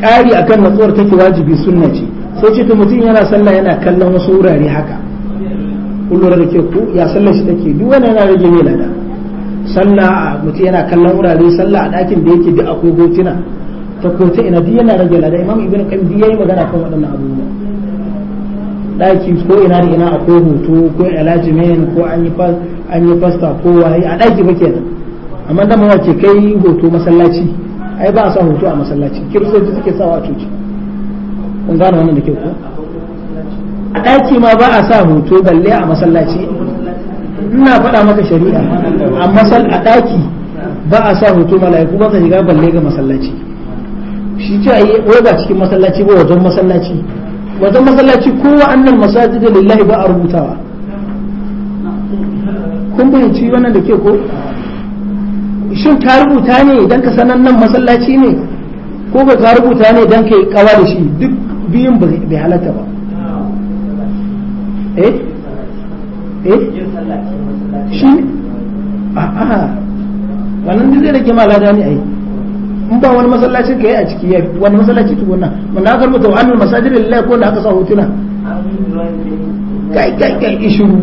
ƙari akan natsuwar take wajibi sunna ce sai ce mutum yana sallah yana kallon wasu wurare haka kullum da ke ku ya sallar shi take duk wani yana rage mai lada sallah mutum yana kallon wurare sallah a ɗakin da yake duk akwai hotuna ta kota ina duk yana rage lada imam ibn qayyim duk yayi magana kan waɗannan abubuwa ɗaki ko ina da ina akwai hoto ko alajimen ko an yi an yi fasta ko waye a ɗaki ba kenan amma da mawa ke kai hoto masallaci ai ba a sa hoto a masallaci kiristoci suke sawa a coci kun gane wannan da ke ku. a ɗaki ma ba a sa hoto balle a masallaci ina faɗa maka shari'a a masal a ɗaki ba a sa hoto mala'iku ba ka shiga balle ga masallaci shi ce a yi ba cikin masallaci ba wajen masallaci wajen masallaci ko wa annan masajid lillahi ba a rubutawa kun fahimci wannan da ke ko shin ka rubuta ne idan ka sanan nan masallaci ne ko ba ka rubuta ne idan ka yi kawa da shi duk biyun bai halatta ba eh eh shi a'a wannan duk rage malada ne ai in ba wani masallacin ka yi a ciki wani masallaci nan wanda aka rubuta masajid lillahi ko da aka sa hotuna kai kai kai ishuru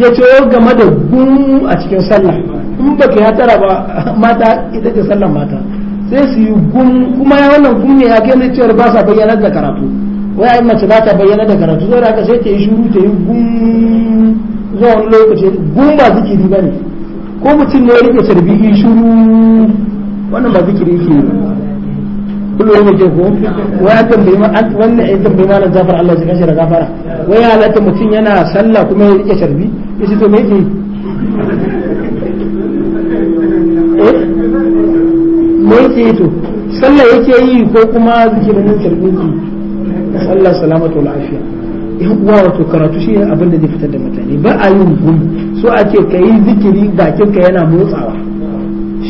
ya ce oh, game da gum a cikin sallah in ba ka ya tara ba mata ita ce sallah mata sai su yi kuma ya wannan gum ne ya kai na cewar ba sa bayyanar da karatu wai ai mace za ta bayyana da karatu zai da sai ta yi shuru ta yi gum zuwa wani lokaci gum ba zikiri ba ne ko mutum ne ya rike sarbi yi shuru wannan ba zikiri yi kullum ne ke ko wai ya tambayi wannan ya tambayi na zafar Allah zai kashe da gafara wai ya halatta mutum yana sallah kuma ya rike sarbi ya ce to me ke eh? me yake to sallah yake yi ko kuma zikirin sarbi yake Allah salamatu wal afiya yan uwa wato karatu shi abin da zai fitar da mutane ba a yin gum so a ce kayi zikiri bakin ka yana motsawa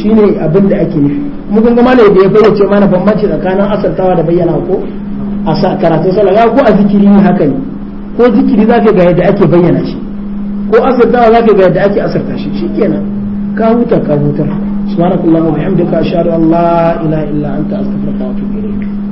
shine abin da ake nufi mu kun gama da ya ce mana bambanci tsakanin asaltawa da bayyana ko a karatun sallah ko a zikiri ne haka ne ko zikiri za ka ga yadda ake bayyana shi ko asaltawa ka ga yadda ake asarta shi kenan ka huta ka hutar subhanakallahumma wa bihamdika ashhadu an la ilaha illa anta astaghfiruka wa atubu ilayk